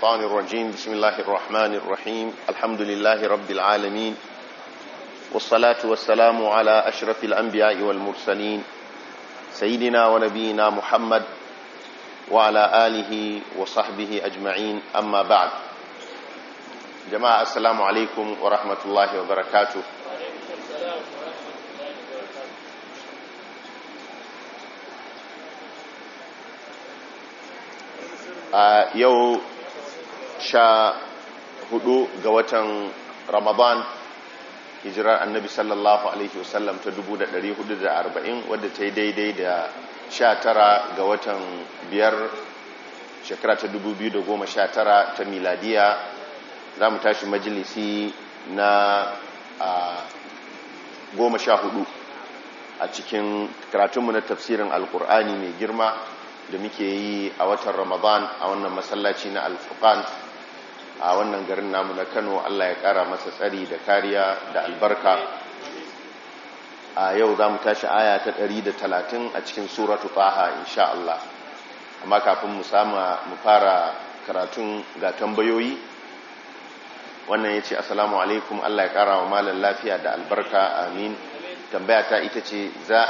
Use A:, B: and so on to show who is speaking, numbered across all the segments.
A: الشيطان الرجيم بسم الله الرحمن الرحيم الحمد لله رب العالمين والصلاة والسلام على أشرف الأنبياء والمرسلين سيدنا ونبينا محمد وعلى آله وصحبه أجمعين أما بعد جماعة السلام عليكم ورحمة الله وبركاته a آه، yau sha hudu ga watan ramadan hijirar annabi sallallahu alaihi wasallam ta 1440 wadda ta yi daidai da sha tara ga watan biyar shekara ta 2019 ta miladiya za mu tashi majalisi na goma sha hudu a cikin karatunmu na tafsirin alkur'ani mai girma da muke yi a watan ramadan a wannan masallaci na alfukan a wannan garin namu na kano allah ya kara masa tsari da kariya da albarka a yau za mu tashi aya ta 130 a cikin suratu faha insha allah amma kafin mu sama mu fara karatun ga tambayoyi wannan ya ce assalamu alaikum allah ya kara wa malar lafiya da albarka amin tambaya ta ita ce za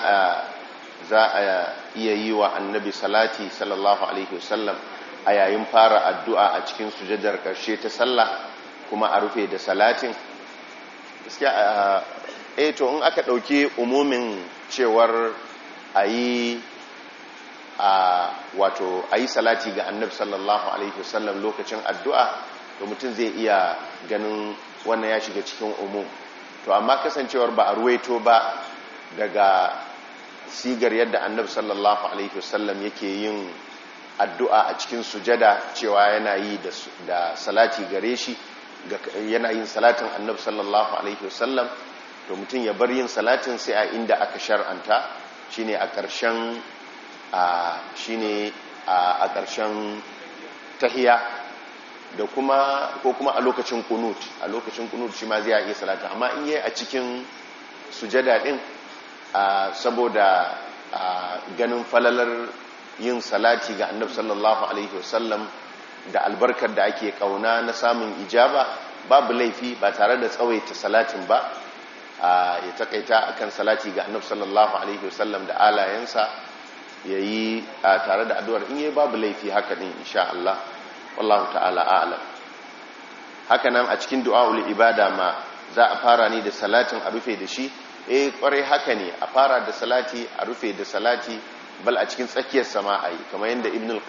A: a iya yi wa annabi salati sallallahu alaihi wasallam a yayin fara addu'a a cikin sujadar ƙarshe ta sallah kuma a rufe da salatin gaskiya eh, eh, to in aka ɗauki umumin cewar a yi a wato a yi salati ga annabi sallallahu alaihi wasallam lokacin addu'a to mutum zai iya ganin wannan ya shiga cikin umu to amma kasancewar ba a ruwaito ba daga sigar yadda annabi sallallahu alaihi wasallam yake yin addu'a a cikin sujada cewa yana yi da salati gare shi yana yin salatin annab sallallahu alaihi wasallam to mutum ya bar yin salatin sai a inda aka shar'anta ne a ƙarshen ne a ƙarshen tahiya da kuma ko kuma a lokacin kunut a lokacin kunut shi ma zai iya salatin amma in yi a cikin sujada din saboda ganin falalar yin salati ga annabi sallallahu alaihi wasallam da albarkar da ake kauna na samun ijaba babu laifi ba tare da tsawaita salatin ba ya takaita akan salati ga annabi sallallahu alaihi wasallam da alayensa yayi tare da addu'ar in yayi babu laifi haka din insha Allah wallahu ta'ala a'lam haka nan a cikin du'a'ul ibada ma za a fara ni da salatin a rufe da shi eh kwarai haka ne a fara da salati a rufe da salati bal a cikin tsakiyar sama kamar yadda ibn al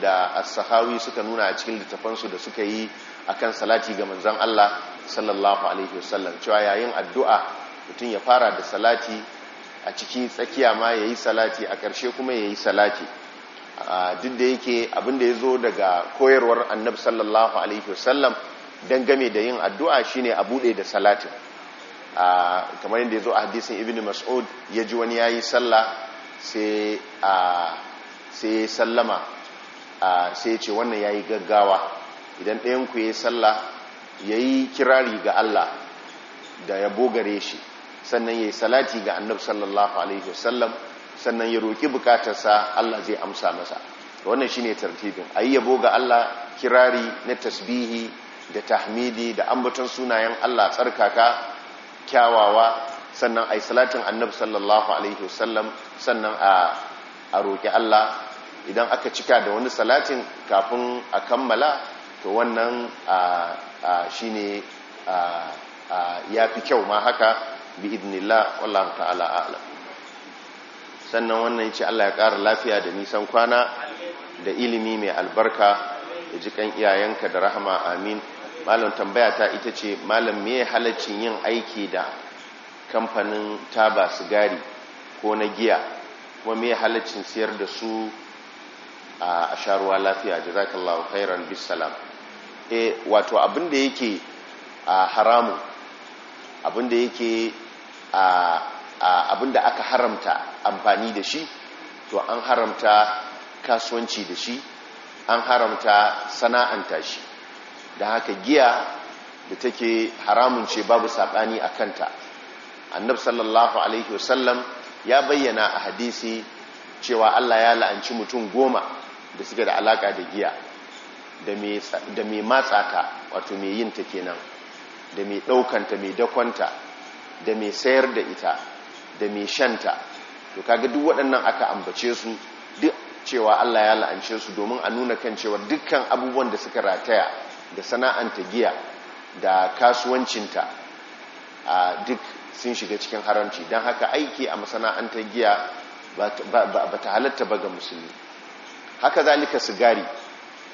A: da as-sahawi suka nuna a cikin littafansu da suka yi a kan salati ga manzon Allah sallallahu alaihi wasallam cewa yayin addu'a mutum ya fara da salati a ciki tsakiya ma yayi salati a ƙarshe kuma yayi salati duk da yake abin da zo daga koyarwar annab sallallahu alaihi wasallam game da yin addu'a shine a bude da salatin kamar yadda yazo a hadisin ibn mas'ud ya ji wani yayi sallah sai ya sai sallama sai ce wannan ya yi gaggawa idan ɗayan ku yayi sallah yi kirari ga Allah da ya bogare shi sannan ya yi salati ga Annabi sallallahu alaihi wasallam sannan ya roƙi bukatarsa Allah zai amsa masa wannan shine tartibin a yi yabo ga Allah kirari na tasbihi da tahmidi da ambaton sunayen Allah tsarkaka kyawawa sannan a yi salatin annabi sallallahu alaihi wasallam sannan a roƙi Allah idan aka cika da wani salatin kafin a kammala to wannan shi ne ya fi kyau ma haka bi idinillah wallahu ta'ala ala sannan wannan ce Allah ya ƙara lafiya da nisan kwana da ilimi mai albarka da jikan iyayenka da rahama amin malam tambaya ta ita ce malam me halaccin yin aiki da kamfanin taba sigari ko na giya kuma mai halaccin siyar da su a sharuwa lafiya jazakallahu khairan bisalam e eh, wato abin da yake a haramu abin da yake a abin da aka haramta amfani da shi to an haramta kasuwanci da shi an haramta sana'anta shi da haka giya da take haramun ce babu saɓani a kanta annab sallallahu alaihi wasallam ya bayyana a hadisi cewa Allah ya la'anci mutum goma da suke da alaka da giya da mai matsaka wato mai yinta kenan da mai ɗaukanta mai dakonta da mai sayar da ita da mai shanta to kaga duk waɗannan aka ambace su duk cewa Allah ya la'ance su domin a nuna kan cewar dukkan abubuwan da suka rataya da sana'anta giya da kasuwancinta a duk sun shiga cikin haramci don haka aiki a masana'antar giya ba ta halatta ba ga musulmi haka zalika sigari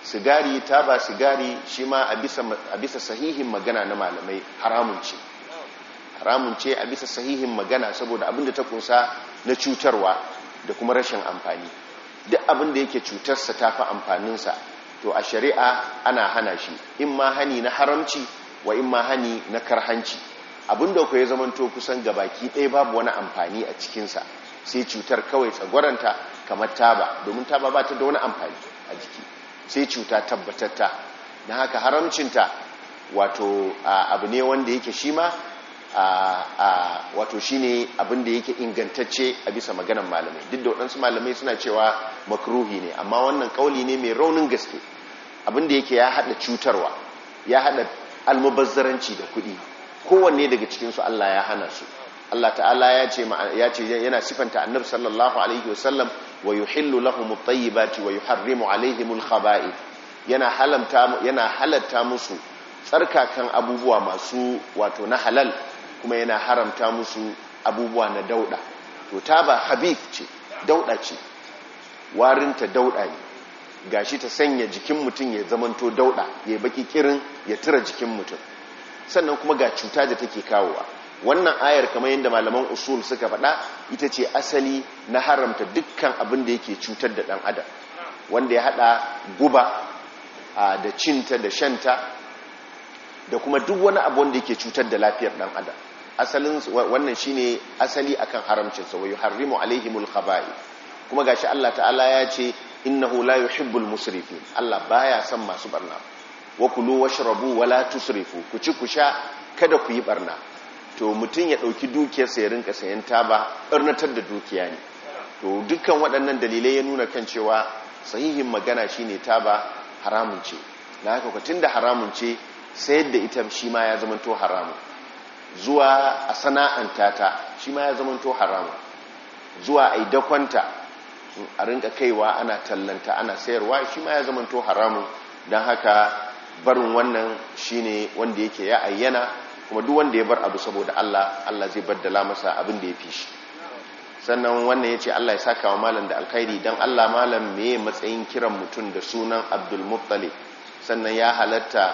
A: sigari ta ba sigari shi ma a bisa sahihin magana na malamai haramun ce a bisa sahihin magana saboda abinda ta kunsa na cutarwa da kuma rashin amfani duk abinda yake cutarsa ta fi amfaninsa to a shari'a ana hana shi in ma hani na haramci wa in ma hani na karhanci abinda ku ya zamanto kusan gabaki ɗaya babu wani amfani a cikinsa sai cutar kawai tsagwaranta kamar taba domin taba ba ta da wani amfani a jiki sai cuta tabbatatta na haka haramcinta wato abu ne wanda yake shi ma wato shi ne abin da yake ingantacce a bisa maganan malamai duk da waɗansu malamai suna cewa makruhi ne amma wannan ƙauli ne mai raunin gaske abin da yake ya haɗa cutarwa ya haɗa almubazzaranci da kuɗi kowanne daga cikinsu Allah ya hana su Allah ta'ala ya ce yana sifanta annabi sallallahu alaihi wasallam wa yuhillu lahum at-tayyibati wa yuharrimu alaihim al-khaba'ith yana halamta yana halatta musu tsarkakan abubuwa masu wato na halal kuma yana haramta musu abubuwa na dauda to ta ba habib ce dauda ce warinta dauda ne gashi ta sanya jikin mutum ya zamanto dauda ya baki kirin ya tura jikin mutum sannan kuma ga cuta da take kawowa wannan ayar kamar yadda malaman usul suka faɗa ita ce asali na haramta dukkan abin da yake cutar da ɗan adam wanda ya haɗa guba da cinta da shanta da kuma duk wani abu wanda yake cutar da lafiyar ɗan adam asalin wannan shine asali akan haramcin sa wayu harimu alaihimul khaba'i kuma gashi Allah ta'ala ya ce innahu la yuhibbul musrifin Allah baya son masu barna wa kulu washrabu wala tusrifu ku ci ku sha kada ku yi barna to mutum ya dauki dukiyarsa ya rinka sayan taba barnatar da dukiya ne to dukkan waɗannan dalilai ya nuna kan cewa sahihin magana shine taba haramun ce na haka kwatin da haramun ce sayar da ita shi ma ya to haramun zuwa a sana'anta ta shi ma ya to haramun zuwa a yi dakwanta a rinka kaiwa ana tallanta ana sayarwa shi ma ya to haramun don haka barin wannan shine wanda yake ya ayyana kuma duk wanda ya bar abu saboda Allah Allah zai baddala masa abin da ya fi shi sannan wannan ya ce Allah ya saka wa malam da alkhairi don Allah malam meye matsayin kiran mutum da sunan Abdul abdulmuttali sannan ya halatta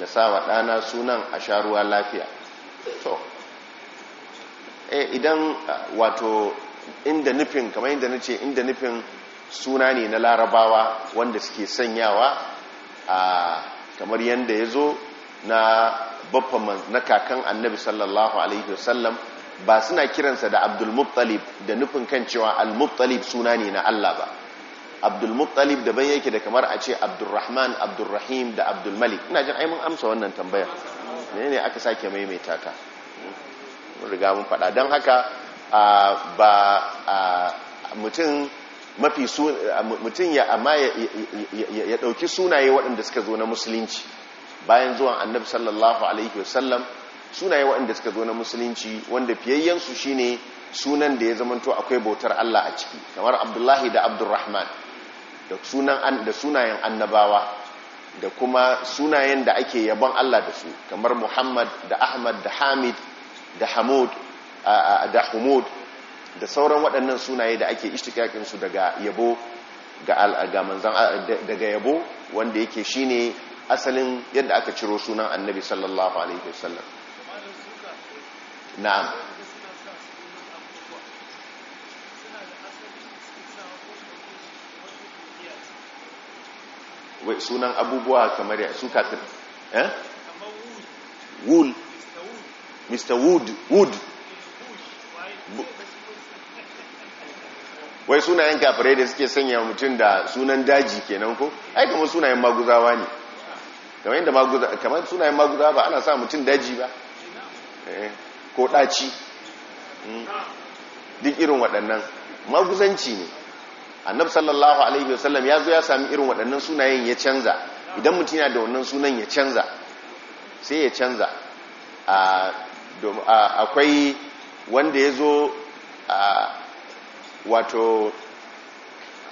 A: na sawa ɗana sunan a sharuwa lafiya to eh idan ah, wato inda nufin kamar inda na ce inda nufin suna ne na larabawa wanda suke sanyawa a ah, kamar yadda ya zo na baffan na kakan annabi sallallahu alaihi wasallam ba suna kiransa da abdulmuttalib da nufin kan cewa almuttalib suna ne na Allah ba abdulmuttalib daban yake da kamar a ce abdulrahman abdulrahim da abdulmalik ina jin aimin amsa wannan tambayar ne ne aka sake maimaita ta riga mun faɗa don haka ba mutum mafi mutum ya amma ya ɗauki sunaye waɗanda suka zo na musulunci bayan zuwan annabi sallallahu alaihi wasallam sunaye waɗanda suka zo na musulunci wanda fiyayyensu shine sunan da ya zamanto akwai bautar Allah a ciki kamar abdullahi da abdurrahman da sunayen annabawa da kuma sunayen da ake yabon Allah da su kamar muhammad da ahmad da hamid da hamud da humud da sauran waɗannan sunaye da ake ishtiƙaƙinsu daga yabo ga manzan daga yabo wanda yake ne asalin yadda aka ciro sunan annabi sallallahu alaihi wasallam na'am wai sunan abubuwa kamar ya su kafin eh? wul mr wood wood wai sunayen kafirai da suke sanya mutum da sunan daji kenan ko ai kamar sunayen maguzawa ne kamar maguza kamar sunayen maguzawa ba ana sa mutum daji ba eh, ko daci hmm. duk irin waɗannan maguzanci ne annab sallallahu alaihi wasallam ya zo ya sami irin waɗannan sunayen ya canza idan mutum yana da wannan sunan ya canza sai ya canza akwai wanda ya zo wato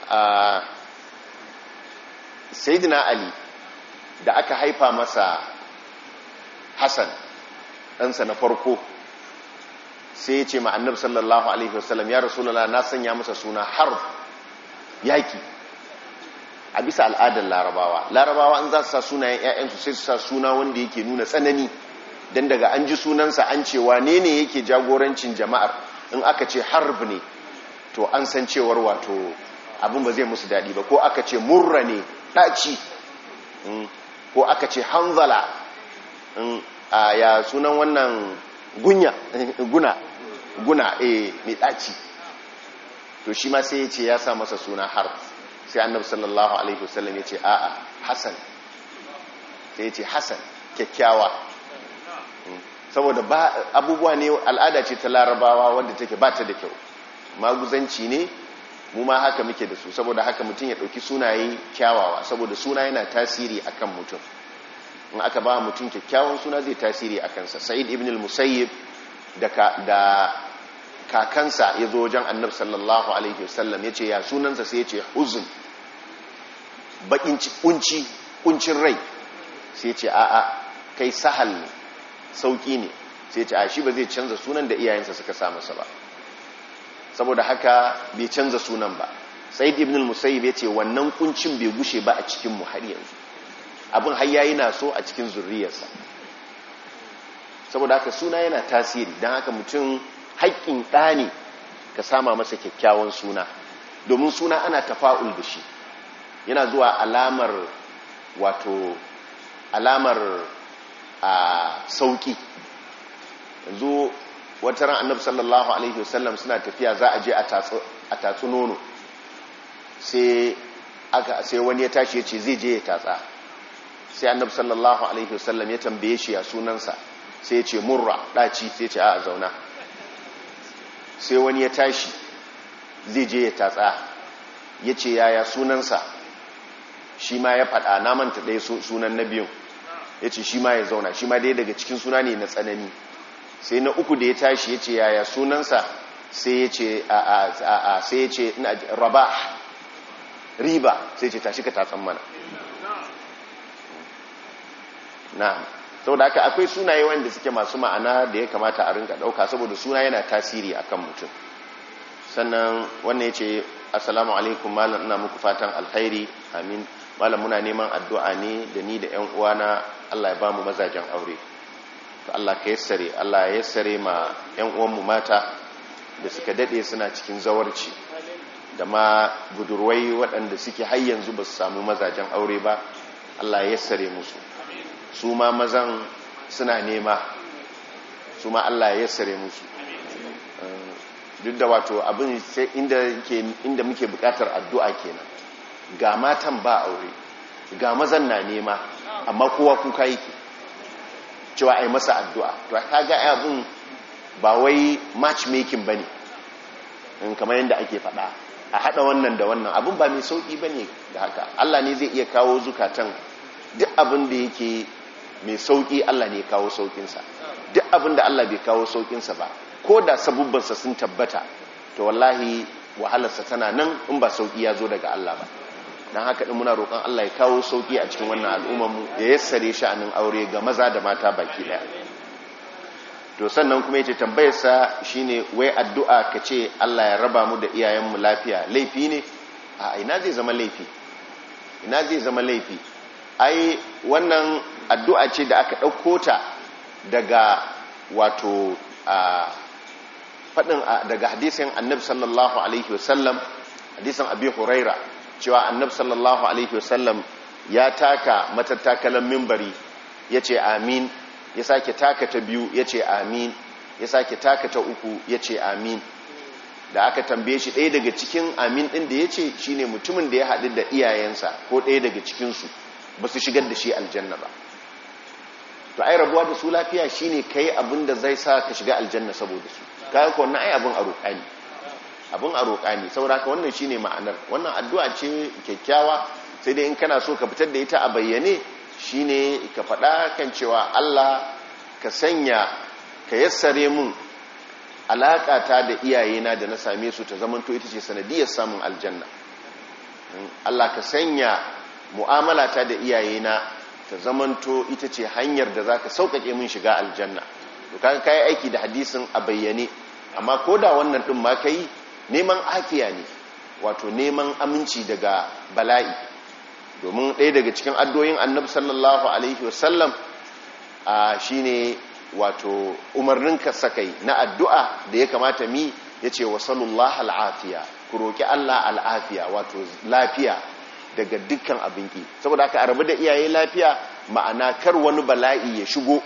A: a sayidina ali da aka haifa masa hassan ɗansa na farko sai ya ce ma sallallahu alaihi wasallam ya rasulallah na sanya masa suna har yaki a bisa al'adar larabawa larabawa an za su sa sunayen 'ya'yansu sai su sa suna wanda yake nuna tsanani don daga an ji sunansa an cewa ne ne yake jagorancin jama'ar in aka ce harb ne to an san cewar wato abin ba zai musu daɗi ba ko aka ce murra ne ɗaci hmm, ko aka ce hanzala hmm, a ya sunan wannan gunya guna guna a eh, mai ɗaci to shi ma sai ya ce ya sa masa suna har sai annabi sallallahu alaihi wasallam ya ce a'a hasan sai ya ce hasan kyakkyawa hmm, saboda abubuwa ne al'ada ce ta larabawa wanda take bata da kyau maguzanci ne mu ma haka muke da su saboda haka mutum ya ɗauki sunaye kyawawa saboda suna yana tasiri akan mutum in aka ba mutum kyakkyawan suna zai tasiri a kansa sa'id ibn al-musayyib da kakansa ya zo wajen annabi sallallahu alaihi wasallam ya ce ya sunansa sai ya ce huzun bakin kunci kuncin rai sai ya ce a'a kai sahal ne sauki ne sai ya ce a shi ba zai canza sunan da iyayensa suka sa masa ba saboda haka bai canza sunan ba sai ibn al-musayyib yace wannan kuncin bai gushe ba a cikin mu har yanzu abin har yayi na so a cikin zurriyarsa saboda haka suna yana tasiri dan haka mutum ɗa ɗani ka sama masa kyakkyawan suna domin suna ana tafa'ul da shi yana zuwa alamar wato alamar a sauki yanzu wata ran annabi sallallahu alaihi wasallam suna tafiya za a je a tatsu nono sai aka sai wani ya tashi ya ce zai je ya tatsa sai annabi sallallahu alaihi wasallam ya tambaye shi ya sunansa sai ya ce murra daci sai ya ce a zauna sai wani ya tashi zai je ya tatsa ya ce yaya sunansa shi ma ya faɗa na manta ɗaya sunan na biyun ya ce shi ma ya zauna shi ma dai daga cikin suna ne na tsanani sai na uku da ya tashi ya ce yaya sunansa sai ya ce a sai ya ce raba riba sai ce tashi ka tatsan mana na sau da aka akwai sunaye wanda suke masu ma'ana da ya kamata a rinka ɗauka saboda suna yana tasiri akan mutum sannan wannan ya ce assalamu alaikum malam ina muku fatan alkhairi amin malam muna neman addu'a ne da ni da 'yan uwana allah ya ba mu mazajen aure Allah ka yassare Allah ya yassare ma ƴan uwanmu mata da suka dade suna cikin zawarci da ma budurwai waɗanda suke har yanzu ba su samu mazajen aure ba Allah ya yassare musu su ma mazan suna nema su ma Allah ya yassare musu duk da wato abin sai inda muke bukatar addu'a kenan ga matan ba aure ga mazan na nema amma kowa kuka yake cewa a yi masa addu'a to ta ga abin ba wai matchmaking ba ne kamar yadda ake faɗa a haɗa wannan da wannan abin ba mai sauki ba da haka allah ne zai iya kawo zukatan duk abin da yake mai sauƙi allah ne kawo sauƙinsa duk abin da allah bai kawo sauƙinsa ba ko da sabubbansa sun tabbata to wallahi wahalarsa tana nan in ba sauƙi ya zo daga allah ba don haka ɗin muna roƙon Allah ya kawo sauƙi a cikin wannan mu ya yassare sha'anin aure ga maza da mata baki ɗaya to sannan kuma ya ce tambayarsa shi ne wai addu'a ka ce Allah ya raba mu da iyayenmu lafiya laifi ne a ina zai zama laifi ina zai zama laifi ai wannan addu'a ce da aka ɗauko ta daga wato daga hadisin annabi sallallahu alaihi wasallam hadisin abi huraira cewa annab sallallahu alaihi wasallam ya taka matattakalan mimbari ya ce amin ya sake taka ta biyu ya ce amin ya sake taka ta uku ya ce amin da aka tambaye shi ɗaya daga cikin amin ɗin da ya ce shi ne mutumin da ya haɗu da iyayensa ko ɗaya daga cikinsu ba su shigar da shi aljanna ba to ai rabuwa da su lafiya shi ne ka yi abin da zai sa ka shiga aljanna saboda su kayan kuwa na ai abin a roƙani abin a roƙa ne sauraka wannan shine ma'anar wannan addu'a ce kyakkyawa sai dai in kana so ka fitar da ita a bayyane shine ka faɗa kan cewa Allah ka sanya ka yassare mun alaƙata da iyayena da na same su ta zamanto ita ce sanadiyar samun aljanna hmm. Allah ka sanya mu'amalata da iyayena ta zamanto ita ce hanyar da za ka sauƙaƙe mun shiga aljanna to kaga kai aiki da hadisin a bayyane amma koda wannan ɗin ma ka yi neman afiya ne wato neman aminci daga bala'i domin ɗaya daga cikin addoyin annabi sallallahu alaihi wasallam ne wato umarnin ka sakai na addu'a da ya kamata mi ya ce wa sallallahu al'afiya ku roƙi Allah al'afiya wato lafiya daga dukkan abinki saboda aka arabu da iyaye lafiya ma'ana kar wani bala'i ya shigo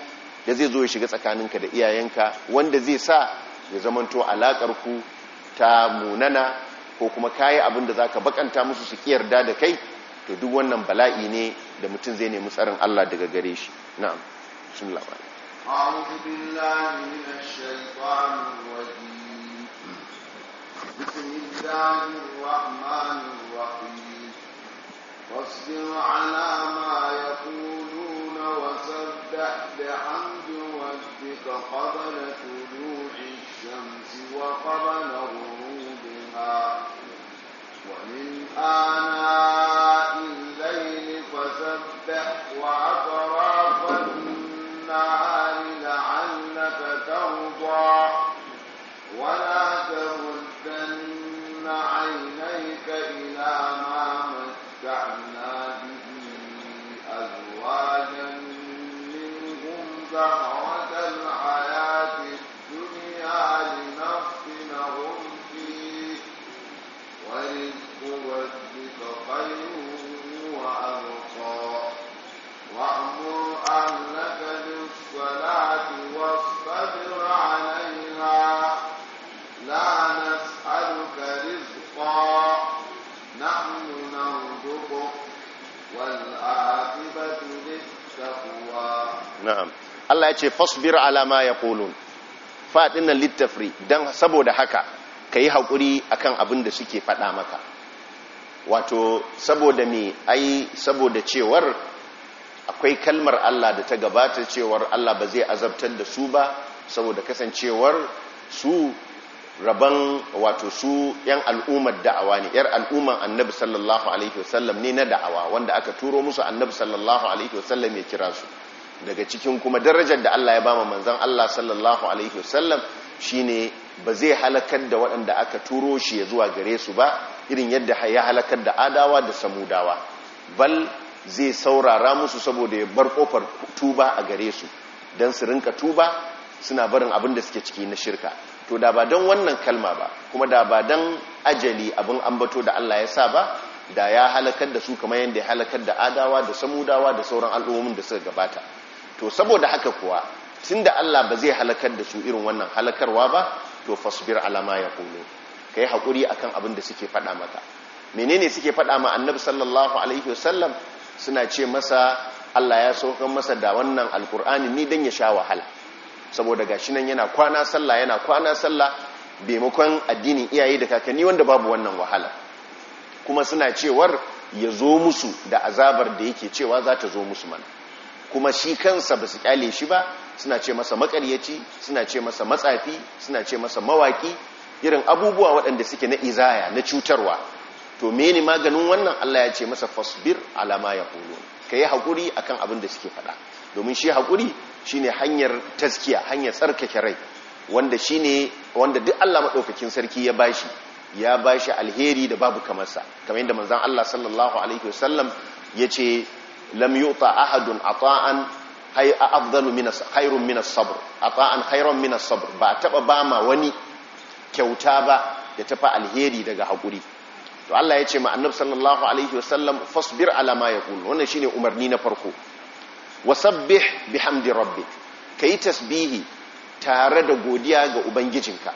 A: da zai zo ya shiga tsakaninka da iyayenka wanda zai sa ya zamanto alaƙarku. ta munana ko kuma kayi abin da ka bakanta musu su ki yarda da kai to duk wannan bala'i ne da mutum zai nemi tsarin Allah daga gare shi na'am sun labari
B: بالله من الشيطان الرجيم بسم na الرحمن الرحيم واصبر على ما يقولون وسبح بحمد قبل طلوع الشمس وقبل غروبها ومن آنات
A: na'am Allah ya ce fasbir ala ma yaqulun fa dinnan littafri dan saboda haka kai hakuri akan abin da suke faɗa maka wato saboda me ai saboda cewar akwai kalmar Allah da ta gabata cewar Allah ba zai azabtar da su ba saboda kasancewar su rabon wato su yan al'ummar da'awa ne yar al'ummar annabi sallallahu alaihi wasallam ne na da'awa wanda aka turo musu annabi sallallahu alaihi wasallam ya kira su daga cikin kuma darajar da Allah ya bama manzan Allah sallallahu alaihi wasallam shine ba zai halakar da waɗanda aka turo shi ya zuwa gare su ba irin yadda ya halakar da adawa da samudawa bal zai saurara musu saboda ya bar kofar tuba a gare su don su rinka tuba suna barin abin da suke ciki na shirka to da ba don wannan kalma ba kuma da ba don ajali abin ambato da Allah ya sa ba da ya halakar da su kamar yadda ya halakar da adawa da samudawa da sauran al'ummomin da suka gabata to saboda haka kuwa tunda Allah ba zai halakar da su irin wannan halakarwa ba to fasbir ala ma yaqulu kai hakuri akan abin da suke faɗa maka menene suke faɗa ma annabi sallallahu alaihi wasallam suna ce masa Allah ya saukan masa da wannan alkur'ani ni dan ya sha wahala saboda gashi nan yana kwana sallah yana kwana sallah baimakon addinin iyaye da kakanni wanda babu wannan wahala kuma suna cewar ya zo musu da azabar da yake cewa za ta zo musu mana kuma shi kansa ba su kyale shi ba suna ce masa makaryaci suna ce masa matsafi suna ce masa mawaki irin abubuwa waɗanda suke na izaya na cutarwa to meni maganin wannan Allah ya ce masa fasbir alama ya kulu ka yi haƙuri a kan abin da suke faɗa domin shi haƙuri shi ne hanyar taskiya hanyar tsarkake rai wanda duk Allah maɗaukakin sarki ya bashi ya bashi alheri da babu kamarsa kamar yadda manzan Allah sallallahu alaihi wasallam ya ce lam yu'ta ahadun ata'an hay afdalu min khairun min as-sabr ata'an khairun min as-sabr ba taba bama wani kyauta ba da tafi alheri daga hakuri to Allah ya ce ma annab sallallahu alaihi wasallam fasbir ala ma yaqul wannan shine umarni na farko wasabbih bihamdi rabbik kai tasbihi tare da godiya ga ubangijinka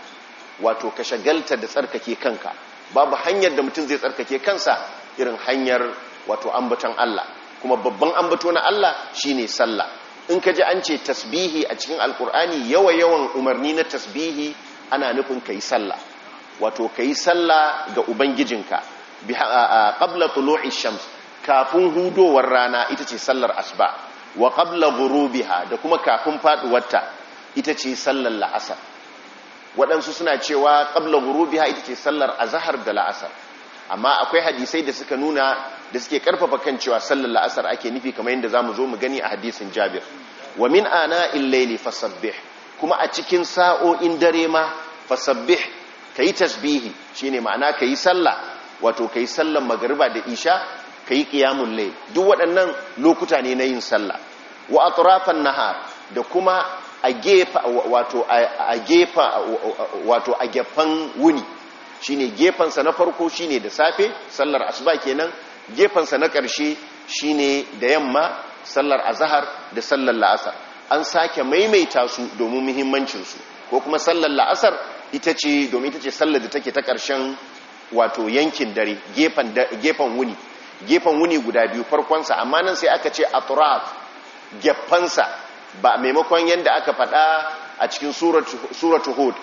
A: wato ka shagalta da tsarkake kanka babu hanyar da mutum zai tsarkake kansa irin hanyar wato ambaton Allah kuma babban ambato na Allah shine sallah in ka ji an ce tasbihi a cikin alkur'ani yawa yawan umarni na tasbihi ana nufin ka yi sallah wato ka yi sallah ga ubangijinka qabla tulu'i shams kafin hudowar rana ita ce sallar asuba wa qabla ghurubiha da kuma kafin faduwarta ita ce sallar la'asar waɗansu suna cewa qabla ghurubiha ita ce sallar azhar da la'asar amma akwai hadisai da suka nuna da suke karfafa kan cewa sallar la'asar ake nufi kamar yadda zamu zo mu gani a hadisin Jabir wa min ana illaili fasabbih kuma a cikin sa'o'in dare ma fasabbih kai tasbihi shine ma'ana kai sallah wato kai sallar magariba da isha kai qiyamul layl duk waɗannan lokuta ne na yin sallah wa atrafan nahar da kuma a gefa wato a gefa wato a gefan wuni shine gefansa na farko shine da safe sallar asuba kenan Gefansa na ƙarshe shi ne da yamma sallar azahar da sallar la'asar an sake maimaita su domin muhimmancinsu ko kuma sallar la'asar ita ce domin ita ce sallar da take ta ƙarshen wato yankin dare gefen wuni gefen wuni guda biyu farkonsa amma nan sai aka ce atraf gefansa ba maimakon yadda aka faɗa a cikin suratu hud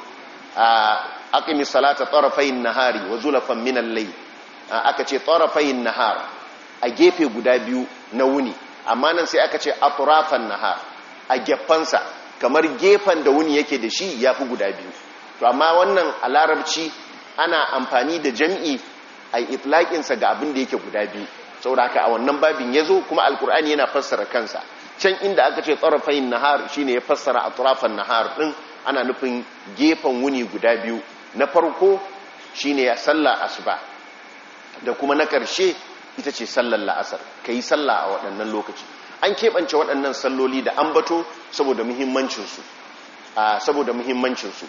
A: a aqimis salata tarafayn nahari wa zulafan minan layl aka ce na nahar a gefe guda biyu na wuni amma nan sai aka ce na nahar a gefansa kamar gefen da wuni yake da shi ya fi guda biyu to amma wannan a larabci ana amfani da jam'i a itlaƙinsa ga abin da yake guda biyu da haka a wannan babin ya zo kuma alkur'ani yana fassara kansa can inda aka ce har nahar ne ya fassara a turafan nahar ɗin ana nufin gefen wuni guda biyu na farko shi ne ya sallah asuba da kuma na ƙarshe ita ce sallar la'asar ka yi salla a waɗannan lokaci an keɓance waɗannan salloli da ambato saboda muhimmancinsu saboda muhimmancinsu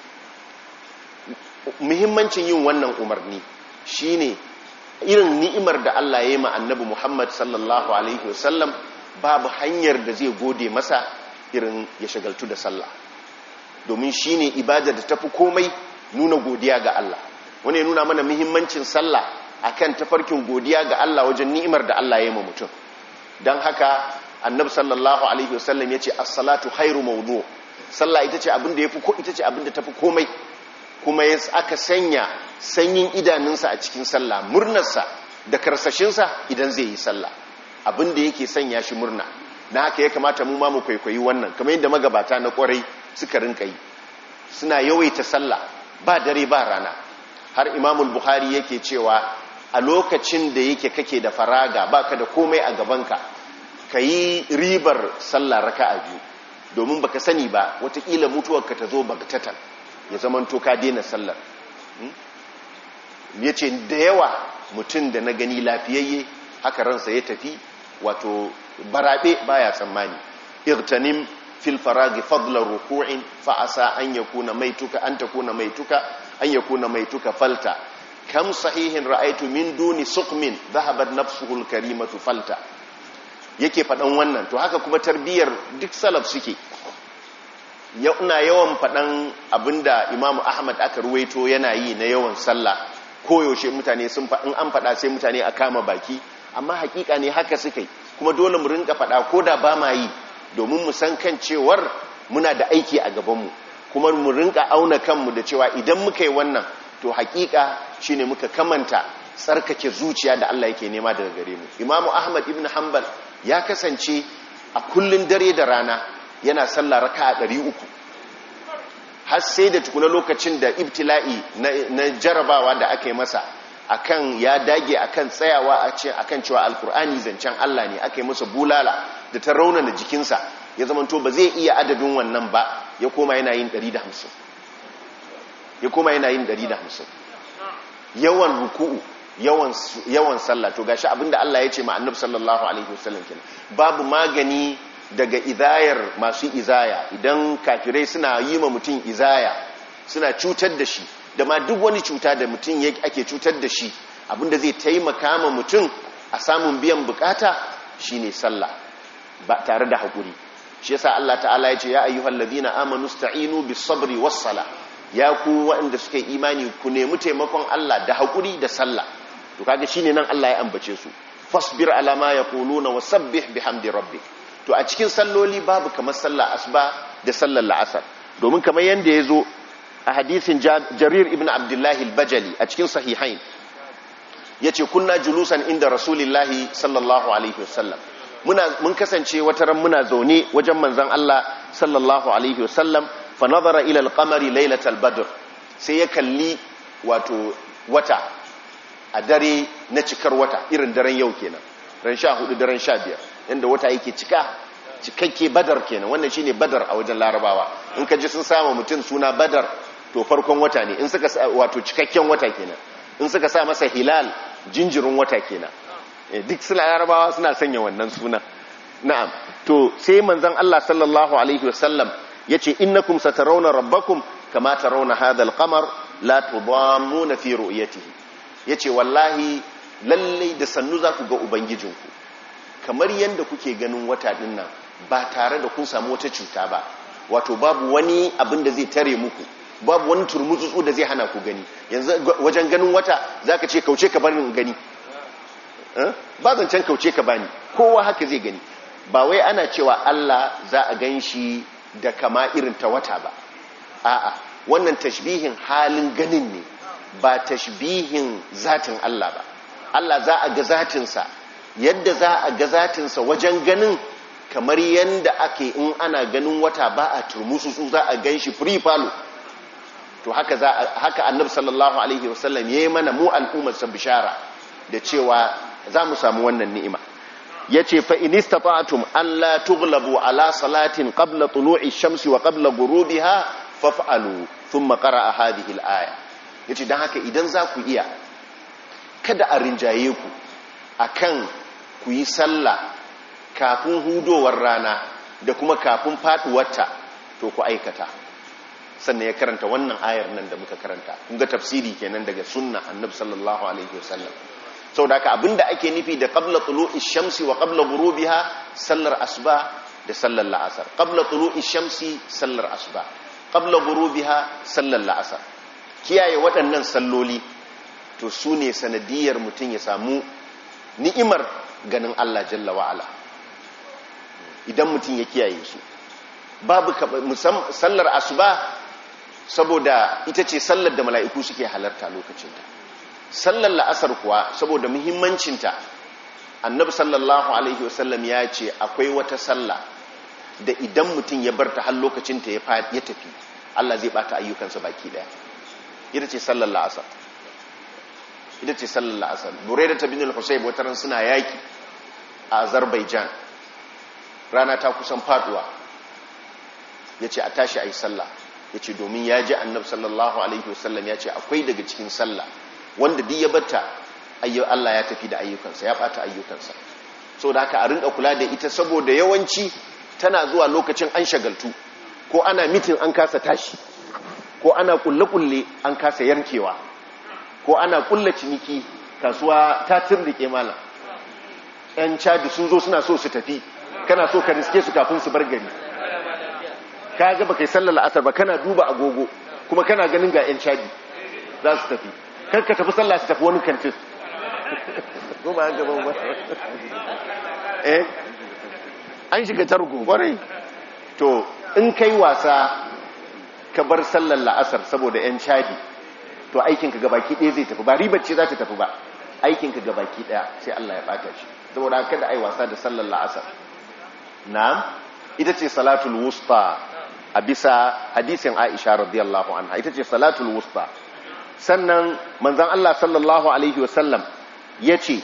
A: muhimmancin yin wannan umarni shine irin ni'imar da Allah ya yi ma annabi Muhammad sallallahu alaihi wasallam babu hanyar da zai gode masa irin ya shagaltu da sallah domin shine ibada da tafi komai nuna godiya ga Allah wani ya nuna mana muhimmancin sallah akan tafarkin godiya ga Allah wajen ni'imar da Allah ya yi mutum don haka annabi sallallahu alaihi wasallam ya ce a salatu khairu sallah ita ce abinda ya fi ko ita ce abinda ta fi komai kuma ya aka sanya sanyin idanunsa a cikin sallah murnarsa da karsashinsa idan zai yi sallah abinda yake sanya shi murna na haka ya kamata mu ma mu kwaikwayi wannan kamar yadda magabata na kwarai suka rinka yi suna yawaita sallah ba dare ba rana har imamul buhari yake cewa a lokacin da yake kake da faraga baka da komai a gabanka ka yi ribar sallah a biyu domin baka sani ba watakila ka ta zo bagtatan ya zama toka ka daina sallar hmm? ya ce da yawa mutum da na gani lafiyayye haka ransa ya tafi wato barabe baya tsammani Irtanin filfaragi fadlar ruku'in fa'asa an yakuna tuka an takuna tuka an yakuna tuka falta kam sahihin ra'aitu min duni suqmin dhahabat nafsuhul karimatu falta yake fadan wannan to haka kuma tarbiyar duk salaf suke ina yawan fadan abinda imamu ahmad aka ruwaito yana yi na yawan sallah koyaushe mutane sun in an faɗa sai mutane a kama baki amma hakika ne haka suka yi kuma dole mu rinka faɗa ko da ba ma yi domin mu san kan cewar muna da aiki a gaban mu kuma mu rinka auna kanmu da cewa idan muka yi wannan to hakika shine muka kamanta tsarkake zuciya da Allah yake nema daga gare mu imamu ahmad ibn hanbal ya kasance a kullun dare da rana yana sallah raka'a uku. har sai da tukuna lokacin da ibtila'i na jarabawa da aka yi masa akan ya dage akan tsayawa a akan cewa alkur'ani zancen Allah ne aka yi masa bulala da ta raunana jikinsa ya zamanto ba zai iya adadin wannan ba ya koma yana yin ɗari da hamsin. ya koma yana yin da hamsin. yawan ruku'u yawan sallah to gashi abinda Allah ya ce ma annabi sallallahu alaihi wasallam kenan babu magani daga izayar masu izaya idan kafirai suna yi ma mutum izaya suna cutar da shi da ma duk wani cuta da mutum ake cutar da shi abinda zai taimaka ma mutum a samun biyan bukata shine sallah ba tare da hakuri shi yasa Allah ta'ala ya ce ya ayyuhal ladina amanu sta'inu bis sabri was salah ya ku waɗanda suka yi imani ku nemi taimakon Allah da haƙuri da sallah to kaga shine nan Allah ya ambace su fasbir ala ma yaquluna wasabbih bihamdi rabbik to a cikin salloli babu kamar sallah asba da sallar la'asar domin kamar ya zo a hadisin jarir ibn abdullahi al-bajali a cikin sahihain yace kunna julusan inda rasulillahi sallallahu alaihi wasallam muna mun kasance wataran muna zaune wajen manzon Allah sallallahu alaihi wasallam fa nazara ila Lailatal badr sai ya kalli wato wata a dare na cikar wata irin daren yau kenan ran hudu daren biyar inda wata yake cika cikakke badar kenan wannan shine badar a wajen larabawa in ka ji sun sama mutum suna badar to farkon wata ne in suka wato cikakken wata kenan in suka sa masa hilal jinjirin wata kenan eh, duk suna larabawa suna sanya wannan suna na'am to sai manzon Allah sallallahu alaihi wasallam yace innakum satarawna rabbakum kama tarawna hadha alqamar la tudammuna fi ru'yatihi yace wallahi lalle da sannu za ku ga ubangijinku kamar yadda kuke ganin wata nan ba tare da kun samu wata cuta ba wato babu wani abin da zai tare muku babu wani turmutsutsu da zai hana ku gani yanzu wajen ganin wata zaka ce kauce ka barin gani eh? ba zancen kauce ka bani kowa haka zai gani ba wai ana cewa Allah za a ganshi. da kama irin ta wata ba a'a wannan tashbihin halin ganin ne ba tashbihin zatin Allah ba Allah za a ga zatinsa yadda za a ga zatinsa wajen ganin kamar yadda ake in ana ganin wata ba a turmusu su za a gan shi firifalo falo to haka, annab annabi sallallahu alaihi wasallam ya yi mana mu al'ummarsa bishara da cewa za mu samu wannan ni'ima yace fa in istata'tum an la tughlabu ala salatin qabla tulu'i shamsi wa qabla ghurubiha faf'alu thumma qara'a hadhihi al-aya yace dan haka idan za ku iya kada a rinjaye ku akan ku yi sallah kafin hudowar rana da kuma kafin faɗuwarta to ku aikata sannan ya karanta wannan ayar nan da muka karanta kun ga tafsiri kenan daga sunna annabi sallallahu alaihi wasallam Sau da ka abinda ake nufi da qabla tulu'i shamsi wa qabla ghurubiha sallar asuba da sallar la'asar qabla tulu'i shamsi sallar asuba qabla ghurubiha sallar la'asar kiyaye waɗannan salloli to su ne sanadiyar mutum ya samu ni'imar ganin Allah jalla wa'ala idan mutum ya kiyaye su babu sallar asuba saboda ita ce sallar da mala'iku suke halarta lokacinta sallar la'asar kuwa saboda muhimmancinta annabi sallallahu alaihi wasallam ya ce akwai wata sallah da idan mutum ya bar ta har lokacinta ya tafi Allah zai bata ayyukansa baki daya ita ce sallar la'asar ita ce sallar la'asar buraida da bin al-husayb wataran suna yaki a Azerbaijan rana ta kusan faduwa yace a tashi a salla sallah yace domin ya ji annabi sallallahu alaihi wasallam yace akwai daga cikin sallah wanda duk ya bata ayyau Allah ya tafi da ayyukansa ya bata ayyukansa so da haka a rinka kula da ita saboda yawanci tana zuwa lokacin an shagaltu ko ana mitin an kasa tashi ko ana kulle-kulle an kasa yankewa ko ana kulle ciniki kasuwa ta tirrike mala yan caji sun zo suna so su tafi kana so ka riske su kafin su bar gari ka ga baka yi sallar la'asar ba kana duba agogo kuma kana ganin ga yan caji za su tafi kar ka tafi sallah tafi wani kantin ko ba gaban eh an shiga targo kwarai to in kai wasa ka bar sallar la'asar saboda 'yan cadi to aikinka gabaki ɗaya zai tafi ba ribar za ta tafi ba aikinka gabaki ɗaya sai Allah ya ɓata shi saboda kada ai wasa da sallar la'asar na ita ce salatul wusta a bisa hadisin aisha radiyallahu anha ita ce salatul wusta sannan manzan Allah sallallahu alaihi wasallam ya ce